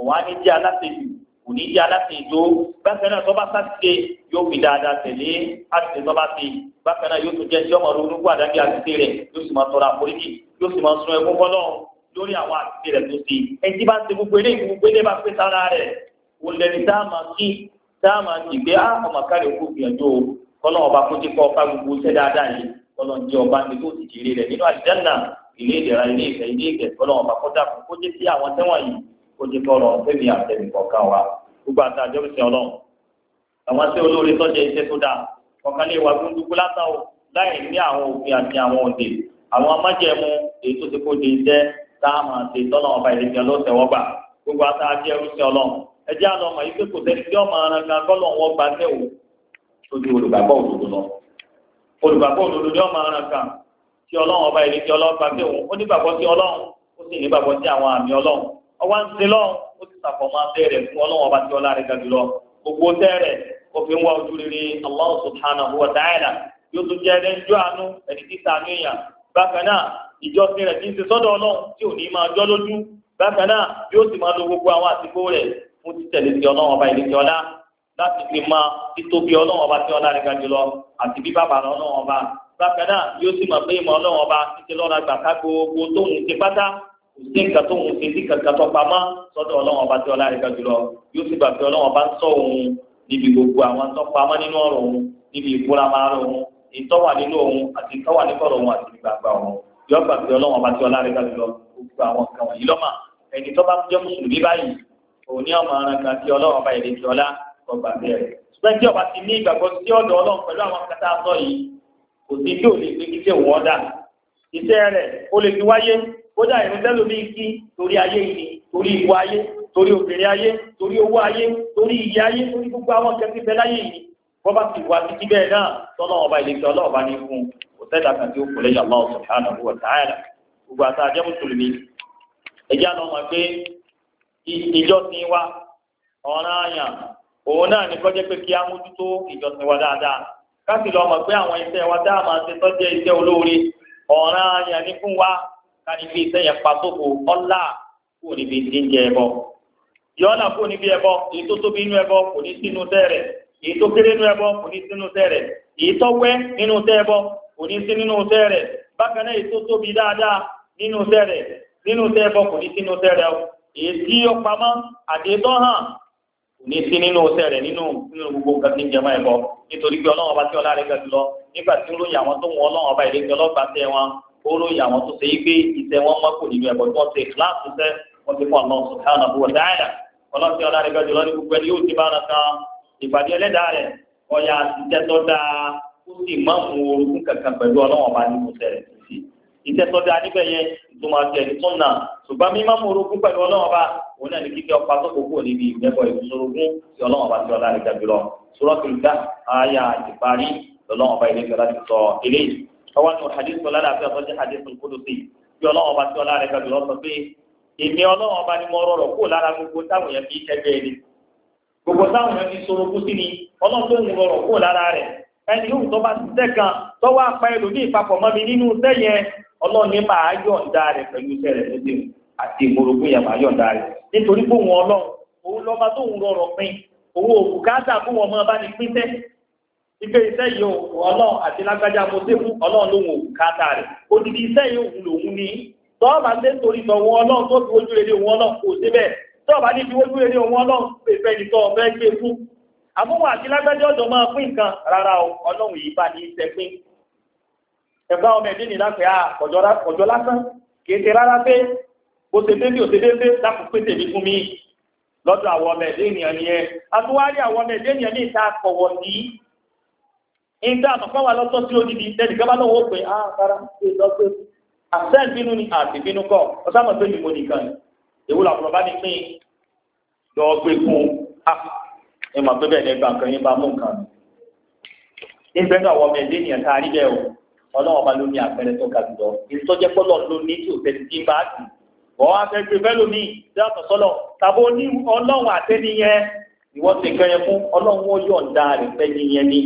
ọ̀wá ní jẹ́ aláṣẹ́jù kò ní yá láti ìjó bákan náà tọ́ba sátidé yóò fi dáadáa tẹ̀lé àtìlẹ tọ́ba ti bákan náà yóò tún jẹ́ ìjọba ronúkú àdájọ́ àtìlẹ rẹ̀ yóò sì máa tọrọ àforíjì yóò sì máa sun ẹkún fọlọ́run lórí àwọn àtìlẹ rẹ̀ tó ṣe ẹni tí bá ń ṣe gbogbo eléyìí gbogbo eléyìí bá pé sára rẹ̀ kò lẹ́ni tá a máa kí tá a máa ti gbé ah, ọmọ kárí òkú gbìyànjú o kọ́lọ́ ọba kó ti kọ́ ọba gbogbo iṣẹ́ dáadáa yìí kọ́lọ́ ń jẹ́ ọba mi tó ti jèrè rẹ̀ nínú kó jẹ́ kọ́ ọ̀rọ̀ fẹ́mi wa gbogbo àti àjọ ìsìn ọlọ́run àwọn tí olóore tọ́jà iṣẹ́ tó dáa ọ̀kan lè wà látàwọ̀ láì ní àwọn òfin àwọn òde àwọn èyí tó ti kó iṣẹ́ a máa ṣe ọba gbogbo àti àjọ ọlọ́run ẹjẹ́ àlọ́ ọmọ yìí pé kò sẹ́ni tí ọmọ ara ga kọ́ lọ́wọ́ gba ọwọ́ ń ṣe lọ́wọ́ ó ti sàfọ̀mọ́ abẹ́rẹ́ fún ọlọ́wọ́ ọba tí ọlá rẹ̀ ga jùlọ gbogbo tẹ́rẹ̀ òfin wa ojú rere Allah subhanahu wa ta'ala yóò tún jẹ́ ẹni jọ àánú ẹni tí sàánú èèyàn bákan náà ìjọsìn rẹ̀ ti ń ṣe sọ́dọ̀ ọlọ́run tí ò ní máa jọ́ lójú bákan náà yóò sì máa lo gbogbo àwọn àsìkò rẹ̀ fún títẹ̀lé sí ọlọ́run ọba ìlẹ́kẹ̀ ọlá láti fi máa títóbi ọlọ́run ọba tí rẹ̀ ga jùlọ àti bí bàbá ọlọ́run ọba bákan náà yóò sì máa pé ìmọ̀ ọlọ́run ọba títí lọ́ra gbàgbá gbogbo tóun ti pátá kò sí nǹkan tó ń ṣe sí kankan tó pamọ́ sọ́dọ̀ ọlọ́wọ́n ọba tí ọlá rẹ̀ kan jùlọ yóò sì gbà pé ọlọ́wọ́n ọba ń sọ òun níbi gbogbo àwọn tó pamọ́ nínú ọ̀rọ̀ òun níbi ìkóra máa rọ̀ òun ìtọ́wà nínú òun àti ìtọ́wà nípa ọ̀rọ̀ òun àti ìgbàgbà òun yóò gbà pé ọlọ́wọ́n ọba tí ọlá rẹ̀ kan gbogbo àwọn kan wọ̀nyí lọ́mà ẹni tó bá jẹ́ mùsùlùmí báyìí òun kódà ìrún tẹ́lómi kí torí ayé ìní torí ìwọ ayé torí obìnrin ayé torí owó ayé torí iye ayé torí gbogbo àwọn kẹfífẹ́ láyé yìí wọ́n bá ti wà títí bẹ́ẹ̀ náà tọ́lọ́ ọba ọlọ́ọ̀bá ní fún kò tí ó kù lẹ́yìn gbogbo àti ajẹ́ mùsùlùmí ẹjẹ́ àná mọ̀ pé káni bí iṣẹ́ yẹn pa sóko ọlá kò níbi jíjẹ ẹbọ yọọna kò níbi ẹbọ èyí tó tóbi inú ẹbọ kò ní sínú tẹrẹ èyí tó kéré inú ẹbọ kò ní sínú tẹrẹ èyí tó wẹ nínú tẹbọ kò ní sí nínú tẹrẹ bákan náà èyí tó tóbi dáadáa nínú tẹrẹ nínú tẹbọ kò ní sínú tẹrẹ o èyí tí ó pamọ́ àdétọ hàn kò ní sí nínú tẹrẹ nínú nínú gbogbo nǹkan tí ń jẹmọ́ ẹbọ nítorí pé Ọlọ́run ọba tí ọlá rẹ̀ ga ó ròyìn àwọn tó ṣe yí pé iṣẹ́ wọn mọ́kò nínú ẹ̀kọ́ tí wọ́n ṣe kíláàsì sẹ́ wọ́n ti fún Allah subhanahu wa ta'ala ọlọ́sìn ọ̀la rẹ̀ gbẹ́jọ lọ́ní gbogbo ẹni yóò ti bá ara kan ìpàdé ẹlẹ́dàá rẹ̀ ọ̀yà àtijọ́ tó dáa ó sì má mú orogún kankan pẹ̀lú ọlọ́wọ́n bá ní kùsẹ̀ rẹ̀ sí iṣẹ́ tó dáa níbẹ̀ yẹn tó máa ti ẹni tún náà ṣùgbọ́n mi má mú ọwọ́n ní hadith tó lára àti ọ̀tọ́jú hadith al-Qudusi bí ọlọ́wọ́ bá tí ọlá rẹ̀ gbàgbé lọ́sọ pé èmi ọlọ́wọ́ bá ní mo rọrọ̀ kó lára gbogbo táwọn yẹn fi kẹgbẹ́ ni gbogbo táwọn yẹn fi rẹ̀ ẹni yóò bá kan ẹlòmíì papọ̀ yẹn ọlọ́ọ̀ni máa àti ìmọ̀rògùn yẹn máa nítorí pé òun ọlọ́run òun lọ́ba ipe iṣẹ́ yìí ọlọ́run àti lágbájá mo dé fún ọlọ́run lóhun òun káàtà rẹ̀ odidi iṣẹ́ yìí òun lòun ní tọ́ọ̀bà lé torí tọ̀ wọn ọlọ́run tó fi ojú rere wọn ọlọ́run kò débẹ̀ tọ́ọ̀bà ní fi ojú rere wọn ọlọ́run pè fẹ́ ní tọ́ọ̀ fẹ́ gbé fún àmúhùn àti lágbájá ọ̀dọ̀ máa pín nǹkan rárá o ọlọ́run yìí bá ní iṣẹ́ pín ẹ̀gbá ọmọ ẹ̀dín ní láfẹ́ à ọjọ́ lásán kì í ṣe rárá pé bó ṣe dé bí ò ṣe dé dé lápò pé tèmi fún mi lọ́dọ̀ àwọn ọmọ ẹ̀dín ènìyàn nìyẹn àtúwárí àwọn ọmọ ẹ̀dín ènìyàn ní ìta ìgbà àmọ̀kọ́ wà lọ́tọ́ sí odidi lẹ́nu ìjọba lọ́wọ́ pé á sára ṣe lọ́pẹ́ àṣẹ́ǹ bínú ni àti bínú kọ́ ọ̀sámọ̀ pé mímọ nìkan èwo làbùrọ̀ bá ní pín lọ́ọ́ gbé fún a ah, ẹ mà pé bẹ́ẹ̀ lẹ́gbàá kan yín bá mú nǹkan nígbà tó àwọn a rí bẹ́ẹ̀ o ọlọ́run ọba ló ní àpẹẹrẹ tó ga jùlọ ìtọ́jẹ́ pọ́lọ́ ló ní tí òfẹ́ ti ń bá a dùn wọ́n wá fẹ́ gbé fẹ́ lómi yàtọ̀ sọ́lọ̀ tàbí oní ọlọ́run àtẹ́niyẹn ìwọ́n ti kẹyẹ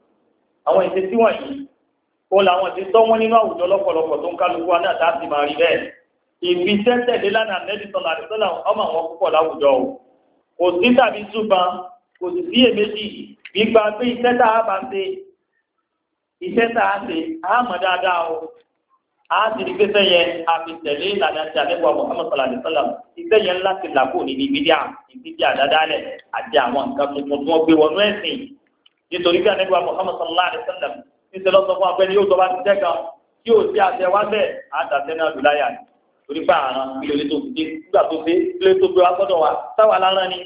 àwọn ìṣe tí wọ̀nyí ó làwọn ti tọ́ wọn nínú àwùjọ lọ́pọ̀lọpọ̀ tó ń kálukú wa náà láti máa rí bẹ́ẹ̀ ìbí tẹ́tẹ̀lé lánàá nẹ́dìtàn àti sọ́là ọmọ àwọn púpọ̀ láwùjọ o kò sí tàbí ṣùgbọ́n kò sì sí èméjì gbígba pé iṣẹ́ tá a bá ṣe iṣẹ́ tá a ṣe a mọ̀ dáadáa o a ti rí pẹ́sẹ́ yẹn a fi tẹ̀lé ìlànà tí a lè wọ Muhammad sallallahu iṣẹ́ yẹn ńlá ti nítorí bí anẹ́gbà Muhammad sallallahu alayhi wa sallam níṣẹ́ lọ́sọ̀ fún abẹ́ni yóò tọ́ba tẹ́ kan tí yóò ṣe àṣẹ wá bẹ́ẹ̀ àtàtẹ́ náà lù láyà ni torí bá àrán ilé olè tó fi dé nígbà tó dé ilé tó gbé wá sọ́dọ̀ wa táwa lára ni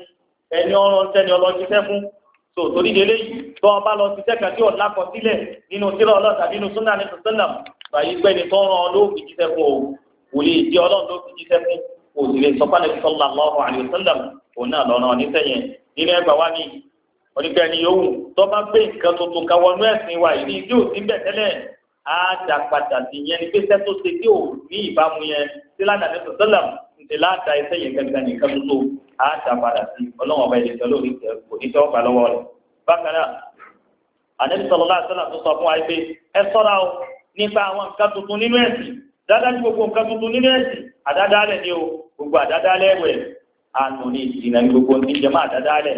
ẹni ọ̀rọ̀ tẹ́ni ọlọ́jíṣẹ́ fún tó torí délé yìí tó ọba lọ sí tẹ́ka tí ọ̀la kọ sílẹ̀ nínú tírà ọlọ́ọ̀ tàbí nínú súnà ní sọ́sẹ́lẹ̀m oníkẹ́ ẹni yòówù tó bá gbé nǹkan tuntun ká wọnú ẹ̀sìn wa yìí ní òsì ń bẹ̀ tẹ́lẹ̀ á dà padà sí yẹn ní pẹ́sẹ́ tó ṣe tí ò ní ìbámu yẹn sí ládàá ní sọ́sọ́là ǹtẹ̀ láàdá iṣẹ́ yẹn gẹ́gẹ́ nìkan tuntun á dà padà sí ọlọ́run ọba ìdẹ̀kẹ́ lórí kò ní tẹ́wọ́ gbà lọ́wọ́ rẹ̀. bákan náà àdébí sọ̀rọ̀ láti sọ́nà tó sọ fún wa pé ẹ sọ́ra o nípa àwọn nǹkan tuntun nínú ẹ̀sìn dáadáa ní gbogbo nǹkan tuntun nínú ẹ̀sìn àdáadáa lẹ̀ ni o gbogbo àdáadáa lẹ̀ wẹ̀ àánú ní ìsìn gbogbo ní ìjẹ́mọ́ àdáadáa lẹ̀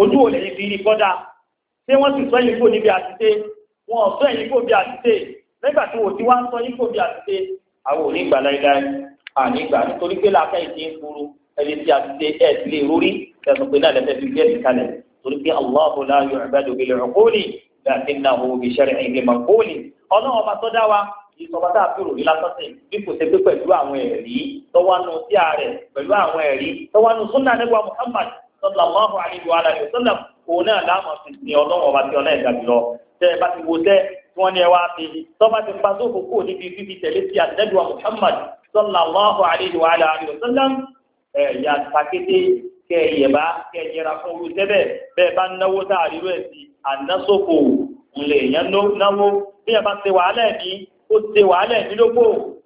ojú ò lẹ́yìn fi rí kọ́dá tí wọ́n sì sọ yìí kò níbi àtìté wọn sọ yìí kò bí àtìté nígbà tí wò tí wọ́n sọ yìí kò bí àtìté àwọn òní ìgbà láíláí àní ìgbà nítorí pé làákà ìdí ń kúrú ẹni tí àtìté ẹ̀ ti lè rórí ẹ̀sùn pé náà lẹ́sẹ̀ fi gbé ẹ̀sìn kalẹ̀ torí pé Allahu ìsọba tá a fi ròyìn lásọ̀tì bí kò ṣe pé pẹ̀lú àwọn ẹ̀rí tọ́wọ́nù sí ààrẹ pẹ̀lú àwọn ẹ̀rí tọ́wọ́nù sunnah nígbà Muhammad sallallahu alaihi wa alihi wasallam òun náà láàmú sí ní ọlọ́wọ́ ọba tí ọlọ́ọ̀ ìgbàgbé lọ tẹ ẹ bá ti wo tẹ tí wọ́n ní ẹ wá fi tọ́ba ti pa sóko kó níbi fífi tẹ̀lé sí àtẹ́dùwà Muhammad sallallahu alaihi wa alihi wasallam ẹ̀ yà takété kẹ yẹba kẹ yẹra fún olú tẹ́bẹ̀ bẹ́ẹ̀ bá náwó tá a ẹ̀ sí ànásòfò ńlẹ̀ yẹn náwó bí ẹ bá ṣe wàhálà ẹ̀mí ó ṣe wàhálà ẹ̀mí lóko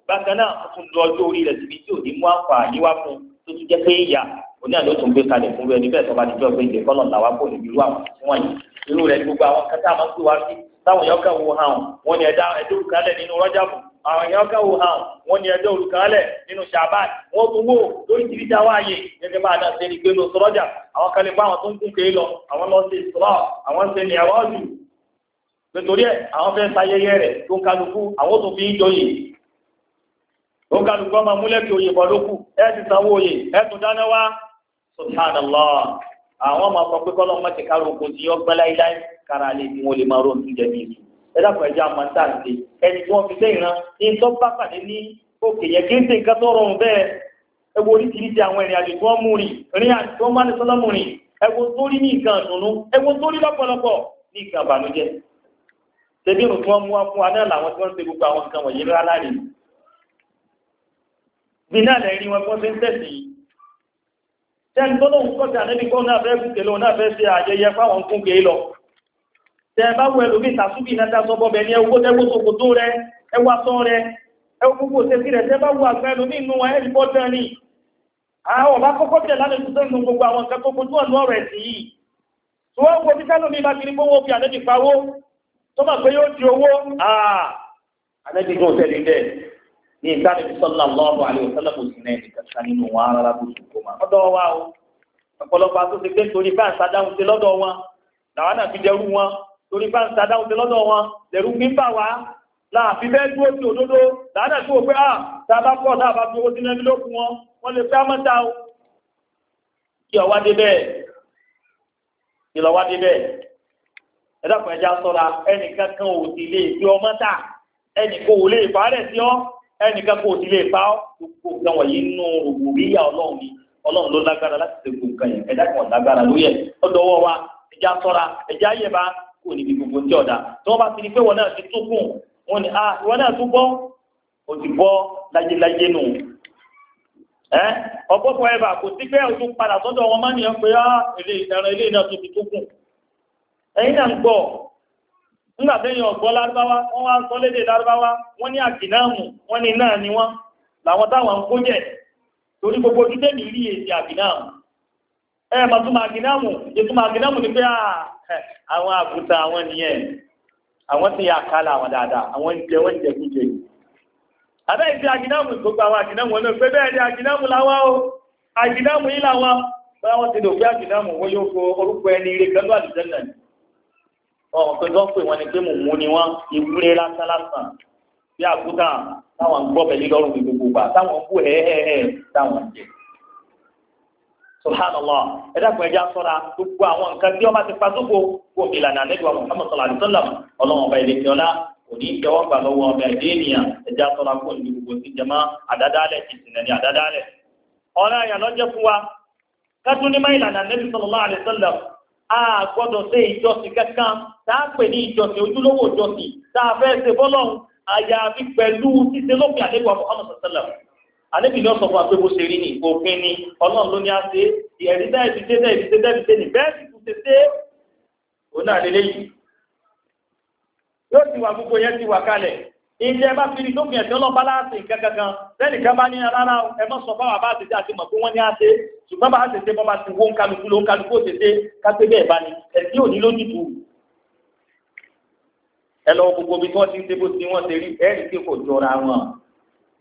bákan náà ó ọjọ́ orí rẹ̀ síbi tí ò ní mú àǹfààní wá fún un tó ti jẹ́ pé ìyá òní àlọ́ tó ń gbé kalẹ̀ fún ẹni bẹ́ẹ̀ tó bá ti jọ pé ìdè kọ́nà làwa kò ní irú àwọn tí irú rẹ̀ gbogbo àwọn kẹta máa ń wá sí táwọn èèyàn kan wo hàn wọn ẹ̀dá nínú àwọn hàn nínú tún wò lórí ti gẹ́gẹ́ bá a sọ́jà lọ àwọn lọ sí àwọn ń nítorí ẹ̀ àwọn fẹ́ sayẹyẹ rẹ̀ tó ń kálukú àwọn tó ó kálukọ́ máa múlẹ̀ kí oyè bọ̀lókù ẹ ti sanwó oyè ẹ tún dáná wá subhanallah àwọn ọmọ akọ pé kọ́lọ́ mọ̀ ti kárò kò sí ọgbẹ́ láíláí kára lè ní wọn lè máa ronú jẹ ní ìlú ẹ dàpọ̀ ẹja máa ń tàǹtì ẹni tí wọ́n fi sẹ́yìn rán ní tó bá pàdé ní òkè yẹn kí n ṣe nǹkan tó rọrùn bẹ́ẹ̀ ẹ wo oríṣiríṣi àwọn ìrìn àjò tí wọ́n mú rìn rìn àjò tí wọ́n máa ń sọ́lá mú rìn ẹ wo tó rí ní nǹkan ìdùnnú ẹ wo tó rí lọ́pọ̀lọpọ̀ ní nǹkan ìbànújẹ́ tẹ̀bí ìrùn tí wọ́n mú wá fún wa náà làwọn tí wọ́n ń ṣe gbogbo àwọn nǹkan wọ̀nyí rárá rèé ní náà lẹ́rí wọn kọ́ sí ń tẹ̀sí tẹ́ni tó lóun kọ́ sí ànẹ́bí kọ́ náà fẹ́ gùnkè lóun náà fẹ́ ṣe àyẹyẹ fáwọn kún gé lọ tẹ́ bá wọ ẹlòmí tàṣúbì náà dá sọ́bọ̀ bẹ̀ ní ẹwọ́ tẹ́wọ́ sọ́kò tó rẹ ẹwà sọ rẹ ẹwọ́ gbogbo tẹ́sí rẹ tẹ́ bá wọ àgbà ẹlòmí inú wọn ẹ̀rí bọ́ tán ni àwọn bá kọ́kọ́ tẹ̀ lálẹ́ tó sẹ́nu gbogbo àwọn nǹkan tó kojú ọ̀nà ọ̀rọ̀ ẹ̀sìn yìí tó wọ́n wo títẹ́ lómi bá kiri gbówó ní ìtàn ìbí sọ́nà lọ́ọ̀bù àlèyé sọ́lọ́mù sí náà ní kàkà nínú wọn rárá bó ṣe kó ma. ọ̀dọ̀ wa o ọ̀pọ̀lọpọ̀ àti oṣù pé torí bá ń sadáhùn sí lọ́dọ̀ wọn làwọn náà fi dẹrú wọn torí bá ń sadáhùn sí lọ́dọ̀ wọn lẹ́rú ń bá wa láàfin bẹ́ẹ̀ dúró sí òdodo làwọn náà tó pé à ah, tá a bá pọ̀ tá bá fi owó sínú ẹni lókun wọn wọ́n lè fẹ́ mọ́ta o. kí ọwá dé bẹ́ẹ̀ kí lọ́wá dé bẹ́ẹ̀ ẹ dákun ẹja sọ́ra ẹnìkan kan ò sì lè fi ọmọ ta ẹnìkan ẹnìkan kò sí lè bá gbogbo nǹkan wọ̀nyí nínú rògbòmíyà ọlọ́run ni ọlọ́run ló lágbára láti ṣe gbogbo nǹkan yẹn ẹ̀dá kan lágbára ló yẹ ọdọwọ́ wa ẹja sọ́ra ẹja yẹba kò níbi gbogbo tí ọ̀dà tí wọ́n bá ti di pé wọn náà ti tún kùn wọn ni ah ìwọ náà tún bọ́ o ti bọ́ lájélájé nù ẹ ọgbọ́n fún ẹ̀bà kò sí pé o padà sọ́dọ̀ wọn má nìyẹn pé ẹran nígbà téèyàn ọ̀gbọ́ lárúbáwá wọ́n wá ń sọ lédè lárúbáwá wọ́n ní àbìnáàmù wọ́n ní náà ni wọ́n làwọn táwọn ń kó jẹ́ torí gbogbo ojú tẹ́mi rí èsì àbìnáàmù ẹ mà tún máa gínáàmù ètò máa gínáàmù ni pé ah, eh, àwọn àbùtà àwọn nìyẹn àwọn ti àkàlà àwọn dáadáa àwọn ìjẹ wọ́n jẹ kújẹ abẹ́ ìdí àgínáàmù gbogbo àwọn àgínáàmù ọ̀nà pé bẹ́ẹ̀ ni àgínáàmù láwọn o àgínáàmù yìí làwọn bá wọ́n ti dò pé àgínáàmù wọ́n yóò fo orúkọ ẹni ire pẹ̀lú àdìsẹ́nà ni ọ̀hún pé wọ́n pè wọ́n ni pé mùmú ni wọ́n ìwúrẹ́ lásán lásán bí àgùntàn táwọn ń gbọ́ pẹ̀lú lọ́rùn ní gbogbo gbà táwọn ń bú hẹ́hẹ́hẹ́ táwọn jẹ. subhanallah ẹ dákun ẹja sọ́ra gbogbo àwọn nǹkan tí ọba ti pa sóko kó omi ìlànà àlejò àwọn Muhammad sallallahu alaihi wasallam ọlọ́run ọba ìlẹ̀kẹ́ ọlá òní ìjọwọ́ gbà lọ́wọ́ ọmọ ẹ̀dẹ́ ènìyàn ẹja sọ́ra kó ní gbogbo sí jẹmọ́ àdádálẹ̀ ìsìnlẹ̀ ní àdádálẹ̀ ọ̀rẹ́ àyàn fún wa kátó ní má ìlànà àlejò sallallahu alaihi wasallam a gbọ́dọ̀ ṣe ìjọsìn kankan tá a pè ní ìjọsìn ojúlówó ìjọsìn tá a fẹ́ ṣe fọ́lọ́run àyàfi pẹ̀lú ṣíṣe lópin àdébò Muhammad sọ̀tẹ́lẹ̀ àdébì ni ó sọ fún wa pé bó ṣe rí ni òfin ni ọlọ́run ló ní á ṣe ẹ̀rí bẹ́ẹ̀ ti ṣe bẹ́ẹ̀ ti ṣe bẹ́ẹ̀ ti ṣe ní bẹ́ẹ̀ ti tún ṣe ṣe òun náà lélẹ́yìn yóò ti wà gbogbo ìjẹ bá fi tó fi ẹ̀sẹ̀ ọlọ́pàá láti kankankan lẹ́nì kan bá ní rárá ẹ mọ́ sọ fáwọn bá àtẹ̀tẹ̀ àti mọ̀ pé wọ́n ní àṣẹ ṣùgbọ́n bá àtẹ̀tẹ̀ bọ́ bá ti wó ń kálukú ló ń kálukú ó tètè kápé bẹ́ẹ̀ bá ní ẹ̀sìn òní lójútùú ẹ lọ gbogbo bí wọ́n ti ń tebo tí wọ́n ti rí ẹ̀rí tí kò jọra wọn.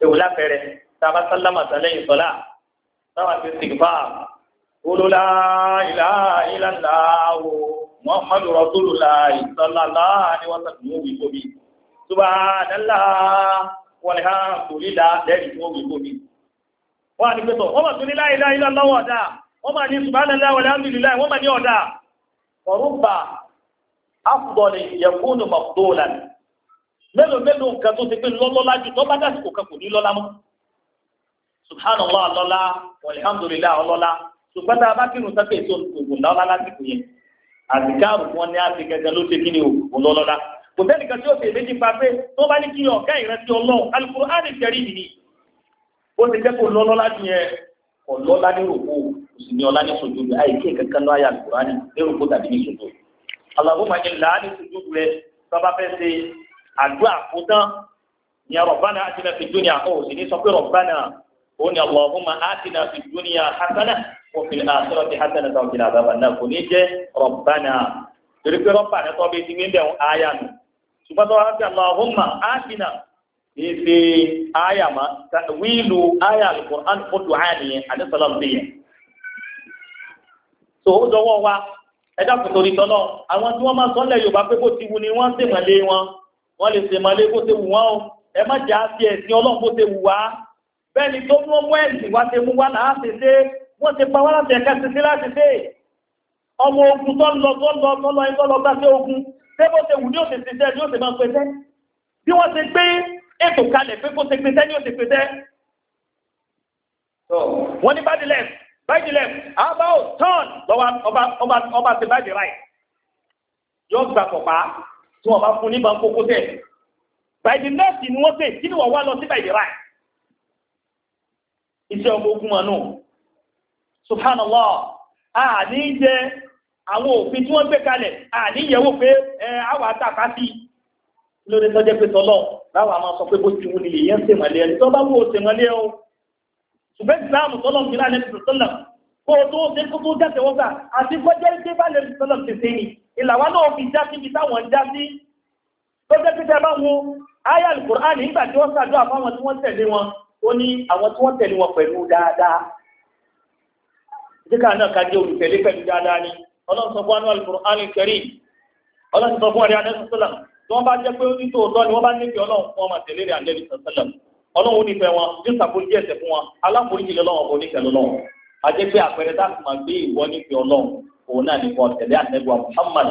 ewu lápẹẹrẹ tába sálámà sálẹ́yìn sọ́lá táwa ti sìgbà olólá ìlà ìlànà o muhammadu rasulullah ìsọlá láàrin wọn sàkóyò wíwọ́ bíi subhanallah walhamdulillah lẹ́yìn tí wọ́n wí lómi. wọ́n á ní pẹ́tọ̀ wọ́n mà tún ní la ilaha illallah ọ̀dà wọ́n mà ní subhanallah walhamdulillah wọ́n mà ní ọ̀dà. ọ̀rùbà afdọ́lẹ̀ yakunu mafdolan mélòó mélòó nǹkan tó ti pé lọ́lọ́lá jù tó bá dásìkò kan kò ní lọ́lá mọ́ subhanallah ọlọ́lá walhamdulillah ọlọ́lá ṣùgbọ́n tá a bá kírun sáfẹ́ ètò ògùn lọ́lá lásìkò yẹn àtìkáàrù wọn ní àti gẹ́gẹ́ ló ṣe kí ni ògùn lọ́lọ́lá kò sẹ́ni kan tí ó ṣe méjì pa pé tó bá ní kí ọ̀gá ìrántí ọlọ́run Al-Qur'an Karim nìyí ó ti jẹ́ kó lọ́lọ́ láti yẹn ọ̀lọ́ láti rògbò kò sì ní ọlá ní sojú rẹ̀ àìsí kankan lọ́ àyà Al-Qur'an ní rògbò tàbí ní sojú rẹ̀ Allahumma ìlà ní sojú rẹ̀ tọ́ba fẹ́ ṣe àdúrà fún ní Rabbana atina fid dunya ó sì ní sọ pé Rabbana ó ní Allahumma atina fid dunya hasana wa fil akhirati hasana tàwọn kìlà bàbà náà kò ní jẹ́ Rabbana torí pé Rabbana tó bí ti ń bẹ̀rù nù ṣùgbọ́n tó wá sí Allahumma áṣìnà ìṣe àyà má wíìlù àyà al-Qur'an fọ́tò àyà nìyẹn àdéṣọ́lá ọ̀sẹ̀ yẹn. tó o jọwọ́ wa ẹ dákun torí tọ́lọ́ àwọn tí wọ́n máa sọ lẹ̀ Yorùbá pé bó ti wù ni wọ́n ṣèmọ̀lé wọn wọ́n lè ṣèmọ̀lé bó ti wù wọ́n o ẹ má jà á mú ọmọ ẹ̀sìn wá ti mú wá là á ṣe wọ́n ti pa wá láti ẹ̀ka ṣe ṣe láti ṣe ọmọ ogun tó ń lọ tó bá ṣe ogun tẹ́bọ́ ṣe wù ní òṣè ti tẹ́ ní òṣè máa pẹ́tẹ́ bí wọ́n ṣe gbé ètò kalẹ̀ pé kó ṣe pẹ́tẹ́ ní òṣè pẹ́tẹ́ wọ́n ní báyìí left báyìí left àbá ò turn lọ́wọ́ ọba ṣe báyìí right yóò gbà pọ̀pá tí wọ́n bá fún ní báńkó kó tẹ̀ báyìí left ni wọ́n ṣe kí ni wọ́n wá lọ sí báyìí right iṣẹ́ ọmọ ogun wọn nù subhanallah àní jẹ́ àwọn òfin tí wọ́n gbé kalẹ̀ àníyẹ̀wò pé ẹ àwọn àtàkà sí lórí tọ́jẹ́ pé tọ́lọ̀ láwọn àmọ́ sọ pé bó ti wù nílé yẹn sèmọ̀lẹ́ ẹni tó bá wù ó sèmọ̀lẹ́ o ṣùgbọ́n ìsìláàmù tọ́lọ̀ ń gbìlá lẹ́nu sọ́lọ̀ kó o tó ṣe kó tó jáde wọ́n gbà àti gbọ́jẹ́ pé bá lẹ́nu sọ́lọ̀ ti ṣe ni ìlàwá náà fi já síbi táwọn ń já sí tọ́jẹ́ pé tẹ́ bá wo aya alukur'ani nígbà tí wọ́n ṣàdúrà fáwọn tí wọ́n tẹ̀lé wọn ó ní àwọn tí wọ́n tẹ̀lé wọn pẹ̀lú dáadáa. ìdíkà náà ká jẹ́ olùtẹ̀lé pẹ̀lú dáadáa ni ọlọ́run sọ fún Al-Qur'an Al-Karim ọlọ́run sọ fún ọ̀rẹ́ anẹ́sùn sọ́lá tí wọ́n bá jẹ́ pé oníṣòwò tọ́ ni wọ́n bá nífẹ̀ẹ́ ọlọ́run fún ọmọ tẹ̀lé rẹ̀ anẹ́bí sọ́lá ọlọ́run nífẹ̀ẹ́ wọn yóò ṣàforíjì ẹ̀ṣẹ̀ fún wọn aláforíjì lọ́wọ́ kò nífẹ̀ẹ́ lọ́wọ́ àjẹ́ pé àpẹẹrẹ táàkì máa gbé ìwọ nífẹ̀ẹ́ ọlọ́run òun náà ní wọn tẹ̀lé anẹ́bí wa Muhammad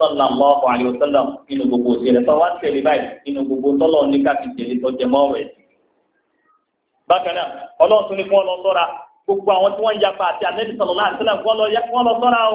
sallallahu alayhi wa sallam inú gbogbo tẹ̀lé tó wá tẹ̀lé báyìí inú gbogbo tọ́lọ́ ní ká ti tẹ̀lé tó jẹ mọ́ rẹ̀. bákan náà ọlọ́run tún ní kí wọ́n lọ sọ́ra gbogbo àwọn tí wọ́n ń yapa àti anẹ́bí sallallahu alayhi wa sallam kí wọ́n lọ sọ́ra o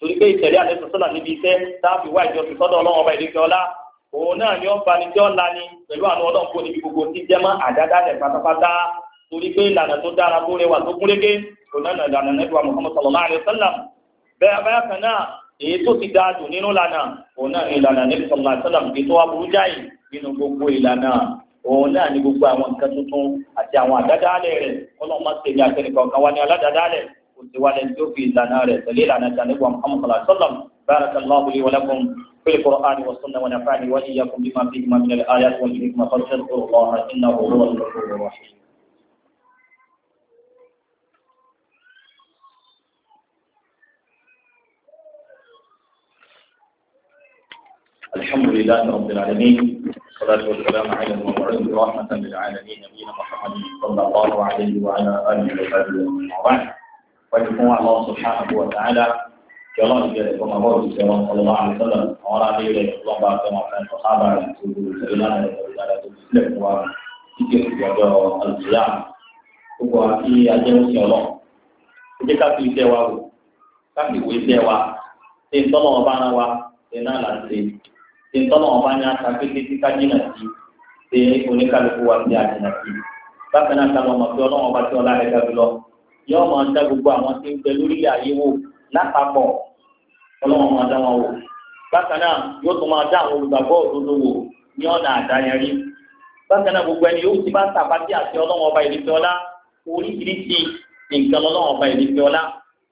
torí pé ìtẹ̀lé àlẹ́ sọ́sọ́là níbi iṣẹ́ táàbì wá ìjọ sọ́dọ̀ ọlọ́run ọba ìdíkẹ́ ọlá òun náà ni ó ń bani tí ó ń lani pẹ̀lú àwọn ọlọ́run kò níbi gbogbo tí jẹ́mọ́ àdádálẹ̀ pátápátá torí pé ìlànà tó dára tó rẹwà tó kúnlẹ́gẹ́ òun náà ìlànà nẹ́gbàá Muhammad sallallahu alaihi wasallam bẹ́ẹ̀ báyà kan náà èyí tó ti dáa jù nínú lànà òun náà ni ìlànà níbi sọlá sọlá ètò aburú jáì nínú gbogbo ìlànà òun náà ni gbogbo àwọn nǹkan tuntun àti àwọn àdádálẹ̀ rẹ̀ ọlọ́run má ṣe ní àtẹnìkọ̀ọ̀kan wá ní aládàádálẹ̀ وسوال الجوفي لنا دليل على جانب محمد صلى الله عليه وسلم بارك الله لي ولكم في القرآن والسنة ونفعني وإياكم بما فيهما من الآيات والحكمة فاذكروا الله إنه هو الغفور الرحيم الحمد لله رب العالمين والصلاة والسلام على المبعوث رحمة للعالمين نبينا محمد صلى الله عليه وعلى آله وصحبه وسلم wájú fún Allah subhanahu wa ta'ala kí ọlọ́run ti bẹ̀rẹ̀ fún ọmọ ọdún sí ọmọ ọlọ́wà àlùsọ́lọ̀ àwọn aráàlú rẹ̀ ọlọ́ba àtọmọ fún ọ̀hábà rẹ̀ tó gbogbo ìṣẹ̀lẹ̀ lánàá rẹ̀ lórí dáadáa tó sílẹ̀ fún wa títí ìgbàjọ àlùsíyà gbogbo àti ajẹ́wọ́sí ọlọ́run ó jẹ́ ká fi iṣẹ́ wa wò ká fi wé iṣẹ́ wa ṣe ń tọ́nà ọba náà wa ṣe náà là yóò máa dá gbogbo àwọn tí ń bẹ lórí ayé wò lápapọ̀ ọlọ́run máa dá wọn wò bákan náà yóò tún máa dá àwọn olùgbàgbọ́ òdodo wò ní ọ̀nà àdáyẹrí bákan náà gbogbo ẹni yóò ti bá tàpá sí àti ọlọ́run ọba ìdíje ọlá oríṣiríṣi nǹkan ọlọ́run ọba ìdíje ọlá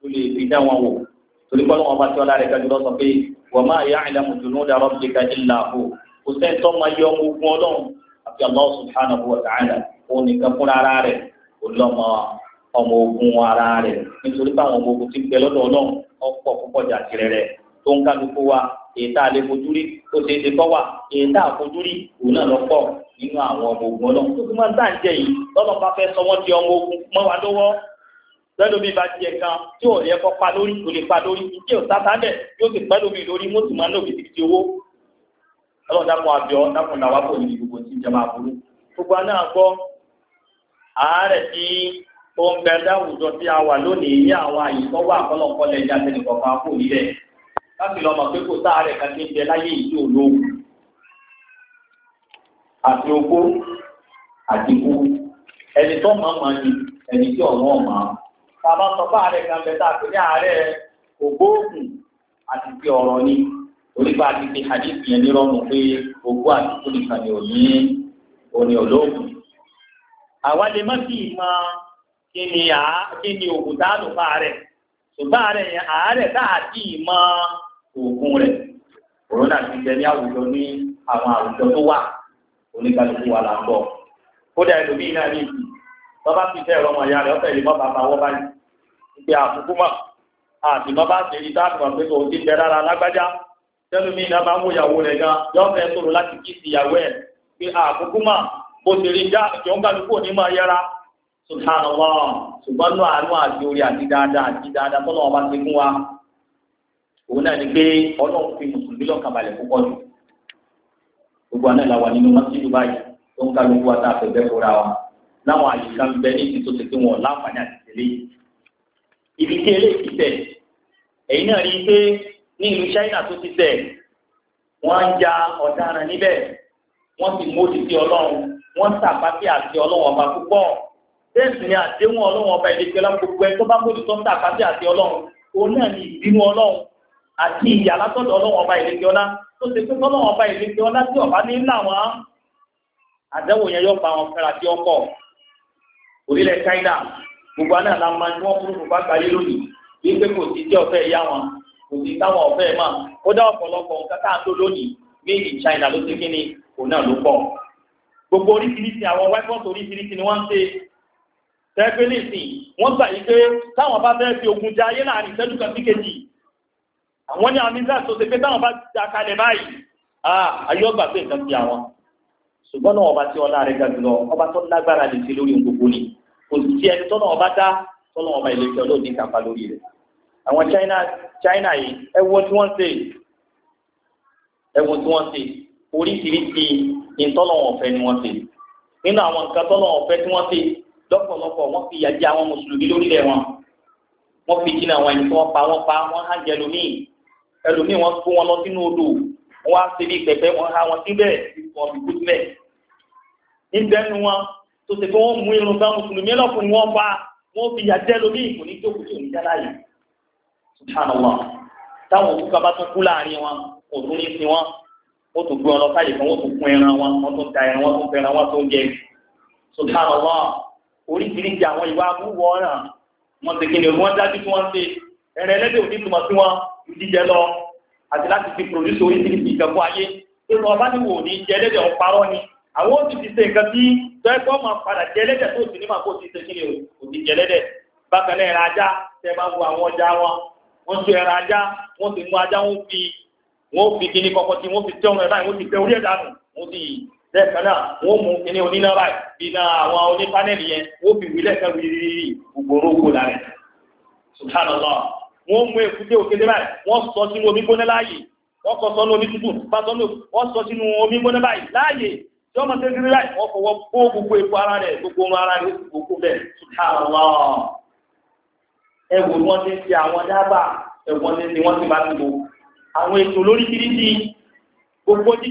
tó lè fi dá wọn wò torí pé ọlọ́run ọba tí rẹ̀ kájú lọ sọ pé wa ma ya'lamu junuda rabbika Allah subhanahu wa ta'ala òun nìkan fúnra ọmọ ogun ara rẹ̀ nítorí pé ọmọ ogun ti bẹ lọ́dọ̀ ọlọ́run ọ̀pọ̀ púpọ̀ jà tirẹ̀ rẹ̀ tó ń kálukú wa èyíta lè fojú rí ó ṣe é ṣe kọ́ wa èyíta àfojú rí òun náà lọ pọ̀ nínú àwọn ọmọ ogun ọlọ́run tó fi máa ń tà ń yìí lọ́nà bá fẹ́ sọ wọ́n di ọmọ ogun mọ́ wa lọ́wọ́ lẹ́lómi bá tiẹ̀ kan tí ò yẹ kọ́ pa lórí kò lè pa lórí tí ò sá sáńdẹ̀ yóò sì pẹ́ lómi lórí mọ́tò máa ń lò kìtìkìtì owó ọlọ́run dákun àbíọ́ dákun làwọn kò ní gbogbo tí ìjọba àbúrò gbogbo àná àgbọ́ àárẹ̀ tí tó ń bẹ dáwùjọ tí a wà lónìí ní àwọn àyíkọ́wọ́ àkọlọ́kọ́ lẹ̀ ní àtẹnukọ̀ kan kò ní rẹ̀ láti lọ́mọ pé kò sáà rẹ̀ kan ti ń bẹ láyé ìdí olóògùn àti okó àti ikú ẹni tó mọ̀ mọ̀ ni ẹni tí ọ̀rọ̀ ọ̀mọ̀ bàbá sọ fún ààrẹ kan bẹ́ẹ̀ tàbí ní ààrẹ ògbóògùn àti ti ọ̀rọ̀ ni onígbà ti fi hadith yẹn nírọ̀rùn pé ogó àti ikú ni òní òní olóògùn àwa lè má sí ìmọ̀ kí ni à kí ni òògùn tá a lò fà rẹ̀ ṣùgbọ́n àárẹ̀ yẹn àárẹ̀ tá a ti mọ òògùn rẹ̀ kòrónà ti jẹ ní àwùjọ ní àwọn àwùjọ tó wà oníkàlùkù wà láńbọ̀ kódà ẹlòmíì náà ní ìsìn lọ́ba ti fẹ́ ọmọ ìyá rẹ̀ ọ̀fẹ́ ìlú bàbá wọ́n bá yìí ìpè àbùkù mọ̀ àti mọ́ bá ṣe ní táàbù wọn pé kò ti bẹ rárá lágbájá tẹ́lómi náà máa ń wo ìyàwó rẹ̀ gan yọ fẹ́ sọ̀rọ̀ láti kí ìyàwó ẹ̀ pé àbùkù mọ̀ bó ṣe rí já ìjọ ń kàlùkù òní subhanallah ṣùgbọ́n náà àánú àti orí àti dáadáa àti dáadáa tọ́lọ́ wọn bá ti fún wa òun náà ni pé ọlọ́run fi mùsùlùmí lọ́kàbalẹ̀ púpọ̀ jù gbogbo àná ìlà wà nínú mọ́sídùú báyìí tó ń kálukú wa tá a fẹ́ bẹ́ẹ̀ fúra wa láwọn àyíká ń bẹ ní ti tó ti pé wọn láǹfààní àti tẹ̀lé ibi tí eléyìí tẹ̀ ẹ̀yin náà rí i pé ní ìlú China tó ti tẹ̀ wọ́n ń ja ọ̀daràn níbẹ̀ wọ́n sì mú òtítí ọlọ́run wọ́n ń tẹ́sí ni àdéhùn ọlọ́run ọba ìdíje ọlá gbogbo ẹ tó bá mójú tó ń tà kájí àti ọlọ́run òun náà ni ìbínú ọlọ́run àti ìyà látọ̀dọ̀ ọlọ́run ọba ìdíje ọlá tó ṣe pé ọlọ́run ọba ìdíje ọlá tí ọba ní làwọn àdéhùn yẹn yóò bá wọn fẹ́ra sí ọkọ orílẹ̀ China gbogbo àná la máa ní wọ́n fún bàbá gbáyé lónìí bí kò sí tí ọ̀fẹ́ ìyá wọn kò sí táwọn ọ̀fẹ́ ẹ̀ mà ó dá ọ̀pọ̀lọpọ̀ nǹkan tó lónìí méjì China ló ti kí ni òun náà ló pọ̀ gbogbo oríṣiríṣi àwọn wáìpọ̀tì oríṣiríṣi ni wọ́n ń ṣe tẹ́gbẹ́ nísìnyí wọ́n gbà yí pé táwọn bá fẹ́ fi ogun jẹ ayé láàrin ìṣẹ́jú kan sí kejì àwọn ní àmì ìgbà tó ṣe pé táwọn bá ti àkalẹ̀ báyìí ayé ọgbà pé nǹkan ti àwọn ṣùgbọ́n náà ọba tí ọlá rẹ̀ ga jùlọ ọba tó lágbára lè ṣe lórí gbogbo ni kò sí ẹni tọ́nà ọba dá tọ́nà ọba ìlẹ́sẹ̀ olóòdì kàfà lórí rẹ̀ àwọn China China yìí ẹwọ́n tí wọ́n ṣe ẹwọ́n tí wọ́n ṣe oríṣiríṣi ìtọ́nà ọ̀fẹ́ ni wọ́n ṣe nínú àwọn nǹkan tọ́nà ọ̀fẹ́ tí wọ́n ṣe lọ́pọ̀lọpọ̀ wọ́n fi yàjẹ́ àwọn mùsùlùmí lórílẹ̀ wọn wọ́n fi jìnnà àwọn ẹnìkan wọ́n pa wọ́n pa wọ́n hàn jẹ ẹlòmíì ẹlòmíì wọ́n kó wọn lọ sínú odò wọ́n á ṣe bí pẹ̀pẹ́ wọ́n há wọn síbẹ̀ wọ́n fi kú síbẹ̀. níbẹ̀ ni wọn tó ṣe pé wọ́n mú irun bá mùsùlùmí lọ́kùnrin wọn pa wọ́n fi yàjẹ́ ẹlòmíì kò ní jókòó tó ní dára yìí. subhanallah táwọn òkú kaba tún kú láàrin wọn kò tún ní sin wọn wọ́n tún gbé wọn lọ sáyè kan wọ́n tún kún ẹran wọn wọ́n tún da ẹran wọn tún fẹ́ràn wọn tún jẹ subhanallah oríṣiríṣi àwọn ìwà abúwọ ọ̀ràn wọn ti kí ni wọn dájú tí wọn ṣe ẹrẹ ẹlẹ́dẹ̀ òní túmọ̀ sí wọn jíjẹ lọ àti láti fi pòdúsù oríṣiríṣi ìkẹkọọ ayé tó lọ bá níwò ní jẹ ẹlẹ́dẹ̀ ọ̀hún parọ́ ni àwọn ó ti ti ṣe nǹkan tí tọ́ẹ́kọ́ máa padà jẹ ẹlẹ́dẹ̀ tó sì ní màá kó ti ṣe kí ni òní jẹ ẹlẹ́dẹ̀ bákan náà ẹ̀rọ ajá tẹ́ máa wo àwọn ọjà wọn wọ́n tún ẹ̀rọ tẹ lẹ́ẹ̀kan náà wọ́n mú kíní oníná báyìí bí náà àwọn oní pánẹ́lì yẹn wọ́n fi wí lẹ́ẹ̀kan wíri ògbóró kò lára ẹ̀ subhanallah wọ́n mú èkúté òkèlè báyìí wọ́n sọ sínú omi gbóná láàyè wọ́n kọ sọ́nù omi tútù pàtọ́nù wọ́n sọ sínú omi gbóná báyìí láàyè tí wọ́n máa ṣe kiri láì wọ́n fọwọ́ kó gbogbo epo ara rẹ̀ gbogbo ohun ara rẹ̀ gbogbo bẹ́ẹ̀ subhanallah ẹ̀wọ̀n wọ́n ti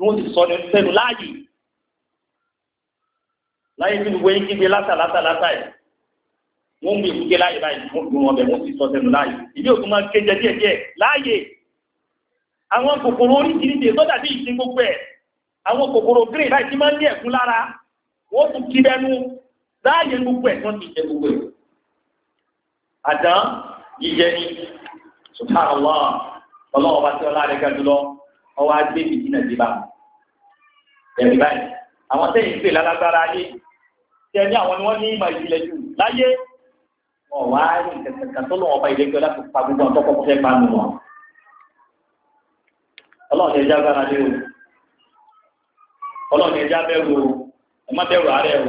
ni wọ́n ti sọ ní sẹ́nu láàyè láyé tí gbogbo yín kígbe látà látà látà yìí wọ́n mú ìkúté láàyè báyìí wọ́n fi wọn bẹ̀ wọ́n ti sọ sẹ́nu láàyè ìdí òkú máa ń kéjẹ díẹ̀ díẹ̀ láàyè àwọn kòkòrò oríṣiríṣi tó dàbí ìsìn gbogbo ẹ̀ àwọn kòkòrò green láì tí máa ń lé ẹ̀kún lára wọ́n tún kí lẹ́nu láàyè gbogbo ẹ̀ wọ́n ti jẹ gbogbo ẹ̀ àdán jíjẹ ni subhanallah ọlọ́wọ́ bá tí ọlá rẹ̀ ga jùlọ ọwọ́ agbé bìtì náà dé bá wọn. ẹ̀rí báyìí àwọn tẹ̀yìn ń pè lálágbára ayé tẹ̀ ní àwọn ni wọ́n ní ìmọ̀ ìjìnlẹ̀ jù láyé wọn wá rí kẹ̀kẹ́ tó lọ́wọ́ ọba ìlẹ́gbẹ́ láti pa gbogbo àwọn tọ́kọ́ fẹ́ pa nù wọn. ọlọ́run ẹja gbára lé o ọlọ́run ẹja bẹ̀rù o ẹ má bẹ̀rù ààrẹ o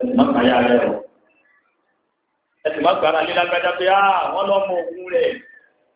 ẹ sì má gbára lé lágbájá pé ah wọ́n òkú rẹ̀.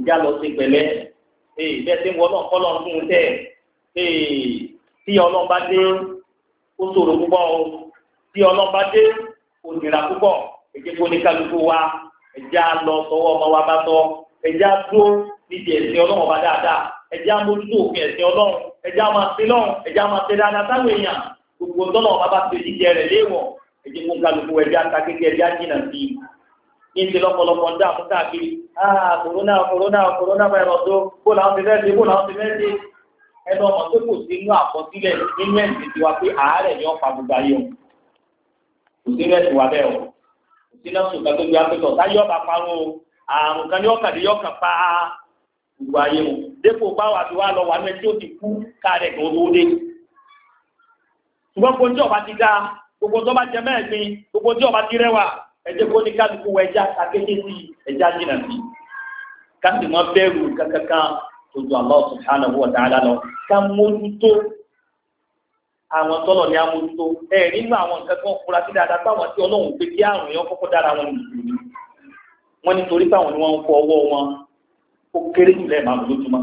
ìjà lọ sí pẹ̀lẹ́ ee bẹ́ẹ̀ tí wọn náà kọlọ ń fún un tẹ ee tí Ọlọ́run bá dé ó ṣòro púpọ̀ o tí Ọlọ́run bá dé ó nira púpọ̀ èdè kò ní kálukú wa ẹjẹ alọ sọwọ ọmọ wa bá tọ ẹjẹ adúró níbi ẹ̀sìn Ọlọ́run bá dáadáa ẹjẹ amójútó òfin ẹ̀sìn Ọlọ́run ẹjẹ amase lọ́run ẹjẹ amase dáadáa táwọn èèyàn gbogbo tọlọ ọba bá ti di jẹ rẹ ẹjẹ kó kálukú ẹjẹ ata kékeré ẹjẹ ajínà sí i níṣẹ́ lọ́pọ̀lọpọ̀ ń dààmú káàkiri ah corona corona corona virus o bó làwọn ti fẹ́ ṣe bó làwọn ti fẹ́ ṣe ẹnu ọmọ tó kò sí inú àkọsílẹ̀ nínú ẹ̀sìn tiwa pé àárẹ̀ ni wọ́n fa gbogbo ayé o kò sí inú ẹ̀sìn wa bẹ́ẹ̀ o kò sí náà sùn kátó gbé apẹ́tọ̀ táyé ọba parun o àrùn kan ní ọ̀kadì yọ̀kan pa gbogbo ayé o dépò báwa ti wá lọ wà ní ẹtí ó ti kú káàrẹ̀ kan tó dé ṣùgbọ́n gbogbo tí ọba ti ga gbogbo tí ọba ti mẹ́ẹ̀gbin gbogbo tí ọba ti rẹwà ẹjẹ́ kó ní kálukú wọ ẹja akéde sí ẹja jìnnà sí káàsì mọ́ bẹ́ẹ̀rù kankankan tó ju Allah subhanahu wa ta'ala lọ ká mójútó àwọn tọ́lọ̀ ní amójútó ẹ nínú àwọn nǹkan kan fura sí dáadáa táwọn tí ọlọ́run pé kí àrùn yẹn kọ́kọ́ dára wọn nìyí wọn nítorí táwọn ni wọ́n ń fọ ọwọ́ wọn ó kéré jù lẹ́ẹ̀ máa lójúmọ́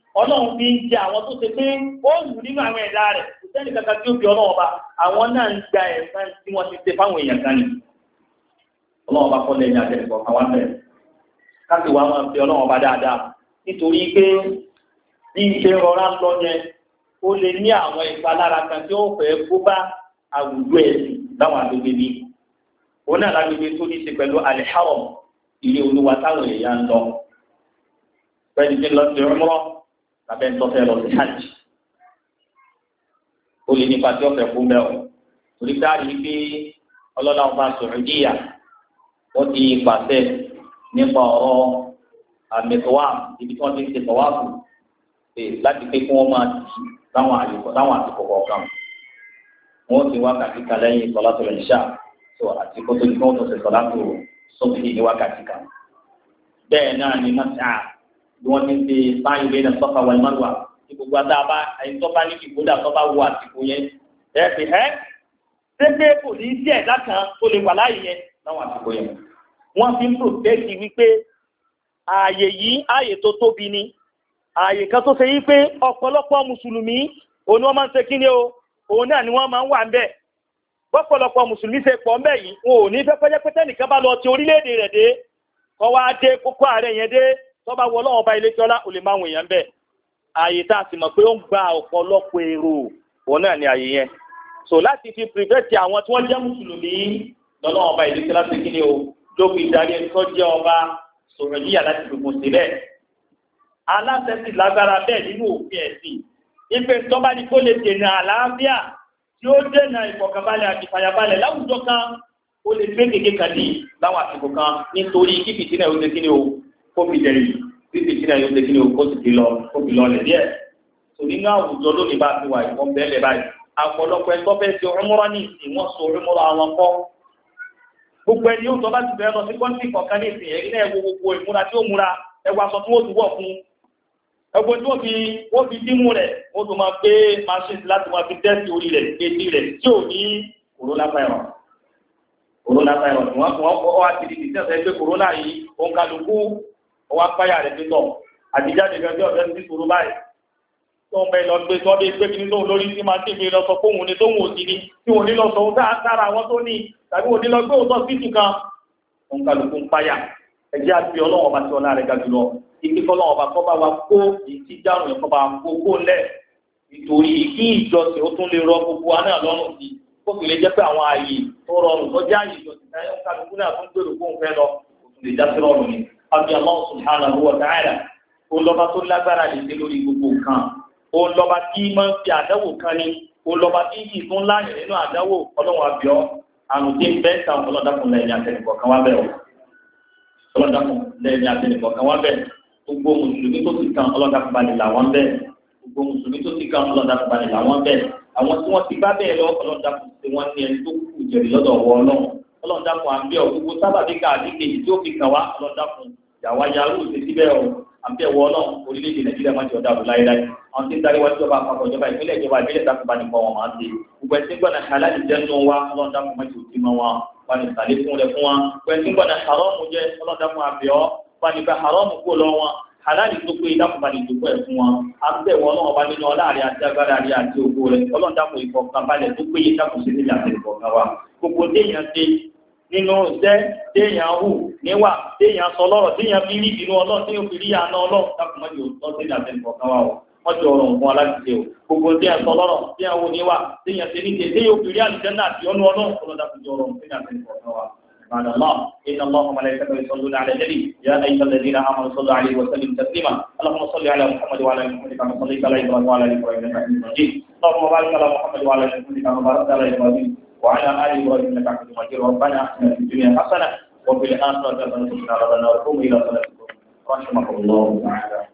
ọlọ́run fi ń jẹ àwọn tó ṣe pé ó wù nínú àwọn ẹ̀dá rẹ̀ kò sẹ́ni kankan tí ó fi ọlọ́run ọba àwọn náà ń gba ẹ̀san tí wọ́n ti ṣe fáwọn èèyàn kan ni ọlọ́run ọba kọ́ lẹ́yìn àtẹnukọ̀ àwọn abẹ́rẹ́ káàkiri wa máa fi ọlọ́run ọba dáadáa nítorí pé bí ṣe rọra lọ yẹn ó lè ní àwọn ìpalára kan tí ó fẹ́ abẹ́ ń tọ́fẹ́ lọ sí hajj ó lè nípa tí ọ̀fẹ́ fún bẹ́ẹ̀ o torí táàrí pé ọlọ́lá ọba sòrìdíyà wọ́n ti pàṣẹ nípa ọ̀rọ̀ àmẹ́tọ́wà ibi tí wọ́n ti ń ṣe tọ́wáàfù láti pé kí wọ́n máa tì láwọn àtìkọ̀ kọ̀ọ̀kan wọ́n ti wákàtí kan lẹ́yìn sọlá tó lè ṣá tó àti kótó ní kí wọ́n tó ṣe sọlá tó sọ́kì ní wákàtí kan bẹ́ẹ̀ náà ni mọ́tà ni wọ́n ti ṣe báyìí bẹ́ẹ̀ náà sọ́kà wà ìmáàlúwà tí gbogbo àti àbá ẹni tó bá ní ìgbódà tó bá wo àsìkò yẹn ẹ pé ẹ ṣé pé kò ní sí ẹ̀dá kan tó lè wà láàyè yẹn láwọn àsìkò yẹn wọ́n fi ń protẹ́tì wípé ààyè yìí ààyè tó tóbi ni ààyè kan tó ṣe yí pé ọ̀pọ̀lọpọ̀ mùsùlùmí òun ni máa ń ṣe kíni o òun náà ni wọ́n máa ń wà ń bọ́pọ̀lọpọ̀ mùsùlùmí ṣe pọ̀ ń yìí wọn ò ní fẹ́ pẹ́jẹ́ pé tẹ́nìkan bá lọ ti orílẹ̀-èdè rẹ̀ dé kọ́ wá dé kókó ààrẹ yẹn dé tó bá wọ ọlọ́wọ́n bá ilé jọ́lá ò lè máa wọ èèyàn bẹ́ẹ̀ ààyè tá a sì mọ̀ pé ó ń gba ọ̀pọ̀lọpọ̀ èrò òun náà ni ààyè yẹn so láti fi prevent àwọn tí wọ́n jẹ́ mùsùlùmí lọ́nà ọba ìlú tí láti kíni o ló fi darí ẹni tó jẹ́ ọba sọ̀rọ̀ yíyà láti gbogbo sílẹ̀ aláṣẹ sì lágbára bẹ́ẹ̀ nínú òfin ẹ̀sìn ife tó bá ní kó lè dènà àlàáfíà tí ó dènà ìfọ̀kànbalẹ̀ àti ìfàyàbalẹ̀ láwùjọ kan ó lè gbé kékeré kan ní láwọn àsìkò kan nítorí kíkì sílẹ̀ ó ti kíni o kó fi jẹ yìí títí kí náà yóò ṣe kí ni o kó sì ti lọ kó fi lọ lẹ̀ díẹ̀ tò nínú àwùjọ lónìí bá fi wà ìwọ̀n bẹ́ẹ̀ lẹ̀ báyìí àpọ̀lọpọ̀ ẹ̀tọ́ fẹ́ ṣe ọmọrọ́ ní ìsìn wọ́n so ọmọrọ́ àwọn kọ́ gbogbo ẹni yóò tọ́ bá ti bẹ̀rẹ̀ lọ sí kọ́ńtì kọ̀ọ̀kan ní ìsìn ẹ̀rí náà wo gbogbo ìmúra tí ó múra ẹwà sọ tí wọ́n ti wọ̀ fún ẹgbẹ́ tí wọ́n fi dímú rẹ̀ wọ́n tó máa gbé machine láti máa fi tẹ́sì orí rẹ̀ etí rẹ̀ tí ò ní corona virus corona virus wọ́n wá ti di ìṣẹ́sẹ̀ pé corona yìí òǹkàlùkù ọwọ́ apáyà rẹ̀ pé tọ̀ àtijáde rẹ̀ bí ọ̀sẹ̀ ti sòrò báyìí tó ń bẹ lọ gbé tó bí gbé kí lóun lórí sí máa tèmi lọ sọ fóun ní tóun ò ni tí òun ní lọ sọ òun sára àwọn tó ní tàbí òun ní lọ gbé òun sọ sí ìtùkan òun kálukú ń páyà ẹjẹ́ àti ọlọ́run ọba tí ọlá rẹ̀ ga jùlọ ìdí kọ́lọ́run ọba kọ́ bá wa kó ìdí dáhùn ẹ̀kọ́ bá kó kó lẹ̀ nítorí àbí Allah subhanahu wa ta'ala ó lọ́ba tó lágbára lè dé lórí gbogbo nǹkan ó lọ́ba tí máa ń fi àdáwò kan ni ó lọ́ba tí yìí fún láàyè nínú àdáwò ọlọ́run àbíọ́ àrùn tí ń bẹ́ẹ̀ ta ọlọ́dàkùn lẹ́yìn àtẹnìkọ̀ kan wá bẹ̀ ọ́ ọlọ́dàkùn lẹ́yìn àtẹnìkọ̀ kan wá bẹ̀ gbogbo mùsùlùmí tó ti kan ọlọ́dàkùn balẹ̀ làwọn bẹ̀ gbogbo mùsùlùmí tó ti kan ọlọ́dàkùn balẹ̀ làwọn bẹ̀ àwọn tí wọ́n ti bá bẹ́ẹ̀ lọ ọlọ́dàkùn tí wọ́n ní ẹni tó kù jẹ̀rì lọ́dọ̀ wọ ọlọ́run ọlọ́dàkùn àbíọ́ gbogbo sábàbí ká àdíkejì tí ó fi kàn wá ọlọ́dàkùn yàwá yarú ti síbẹ̀ o àbí ẹ̀wọ́ náà orílẹ̀-èdè nàìjíríà má ti ọ̀dà àbò láéláé àwọn tí ń darí wá sí ọba àpapọ̀ ìjọba ìpínlẹ̀ ìjọba ìbílẹ̀ tá a fi bá nìkan wọn máa ń ṣe gbogbo ẹtí gbọ́dọ̀ halali jẹ́ nù wa ọlọ́dà kò má ti òtí mọ́ wa wà ní ìsàlẹ̀ fún rẹ̀ fún wa gbogbo ẹtí gbọ́dọ̀ haramu jẹ́ ọlọ́dà kò àbẹ̀ ọ́ wà ní bẹ haramu kó fún wa nínú iṣẹ́ téèyàn hù níwà téèyàn sọ lọ́rọ̀ téèyàn fi rí ìbínú ọlọ́run téèyàn fi rí àná ọlọ́run dákùnmọ́ni òótọ́ sílẹ̀ àtẹnukọ̀ọ́kan wà wọ́n wọ́n ti ọ̀rọ̀ nǹkan aláṣẹ o gbogbo tí a sọ lọ́rọ̀ tí a wo ní wa tí a ṣe ní ṣe tí yóò fi rí àlùjánnà àti ọ̀nà ọlọ́run tó lọ́dà fún ọ̀rọ̀ tí a ṣe ní ọ̀rọ̀ wa. بعد الله إن الله وملائكته يصلون على النبي يا أيها الذين آمنوا صلوا عليه وسلموا تسليما اللهم صل على محمد وعلى آل محمد كما صليت على إبراهيم وعلى آل إبراهيم إنك حميد مجيد اللهم بارك على محمد وعلى آل محمد كما باركت على إبراهيم وعلى آله إبراهيم إنك حميد مجيد ربنا أحسن في الدنيا حسنة وفي الآخرة حسنة وقنا عذاب النار قوموا إلى صلاتكم رحمكم الله تعالى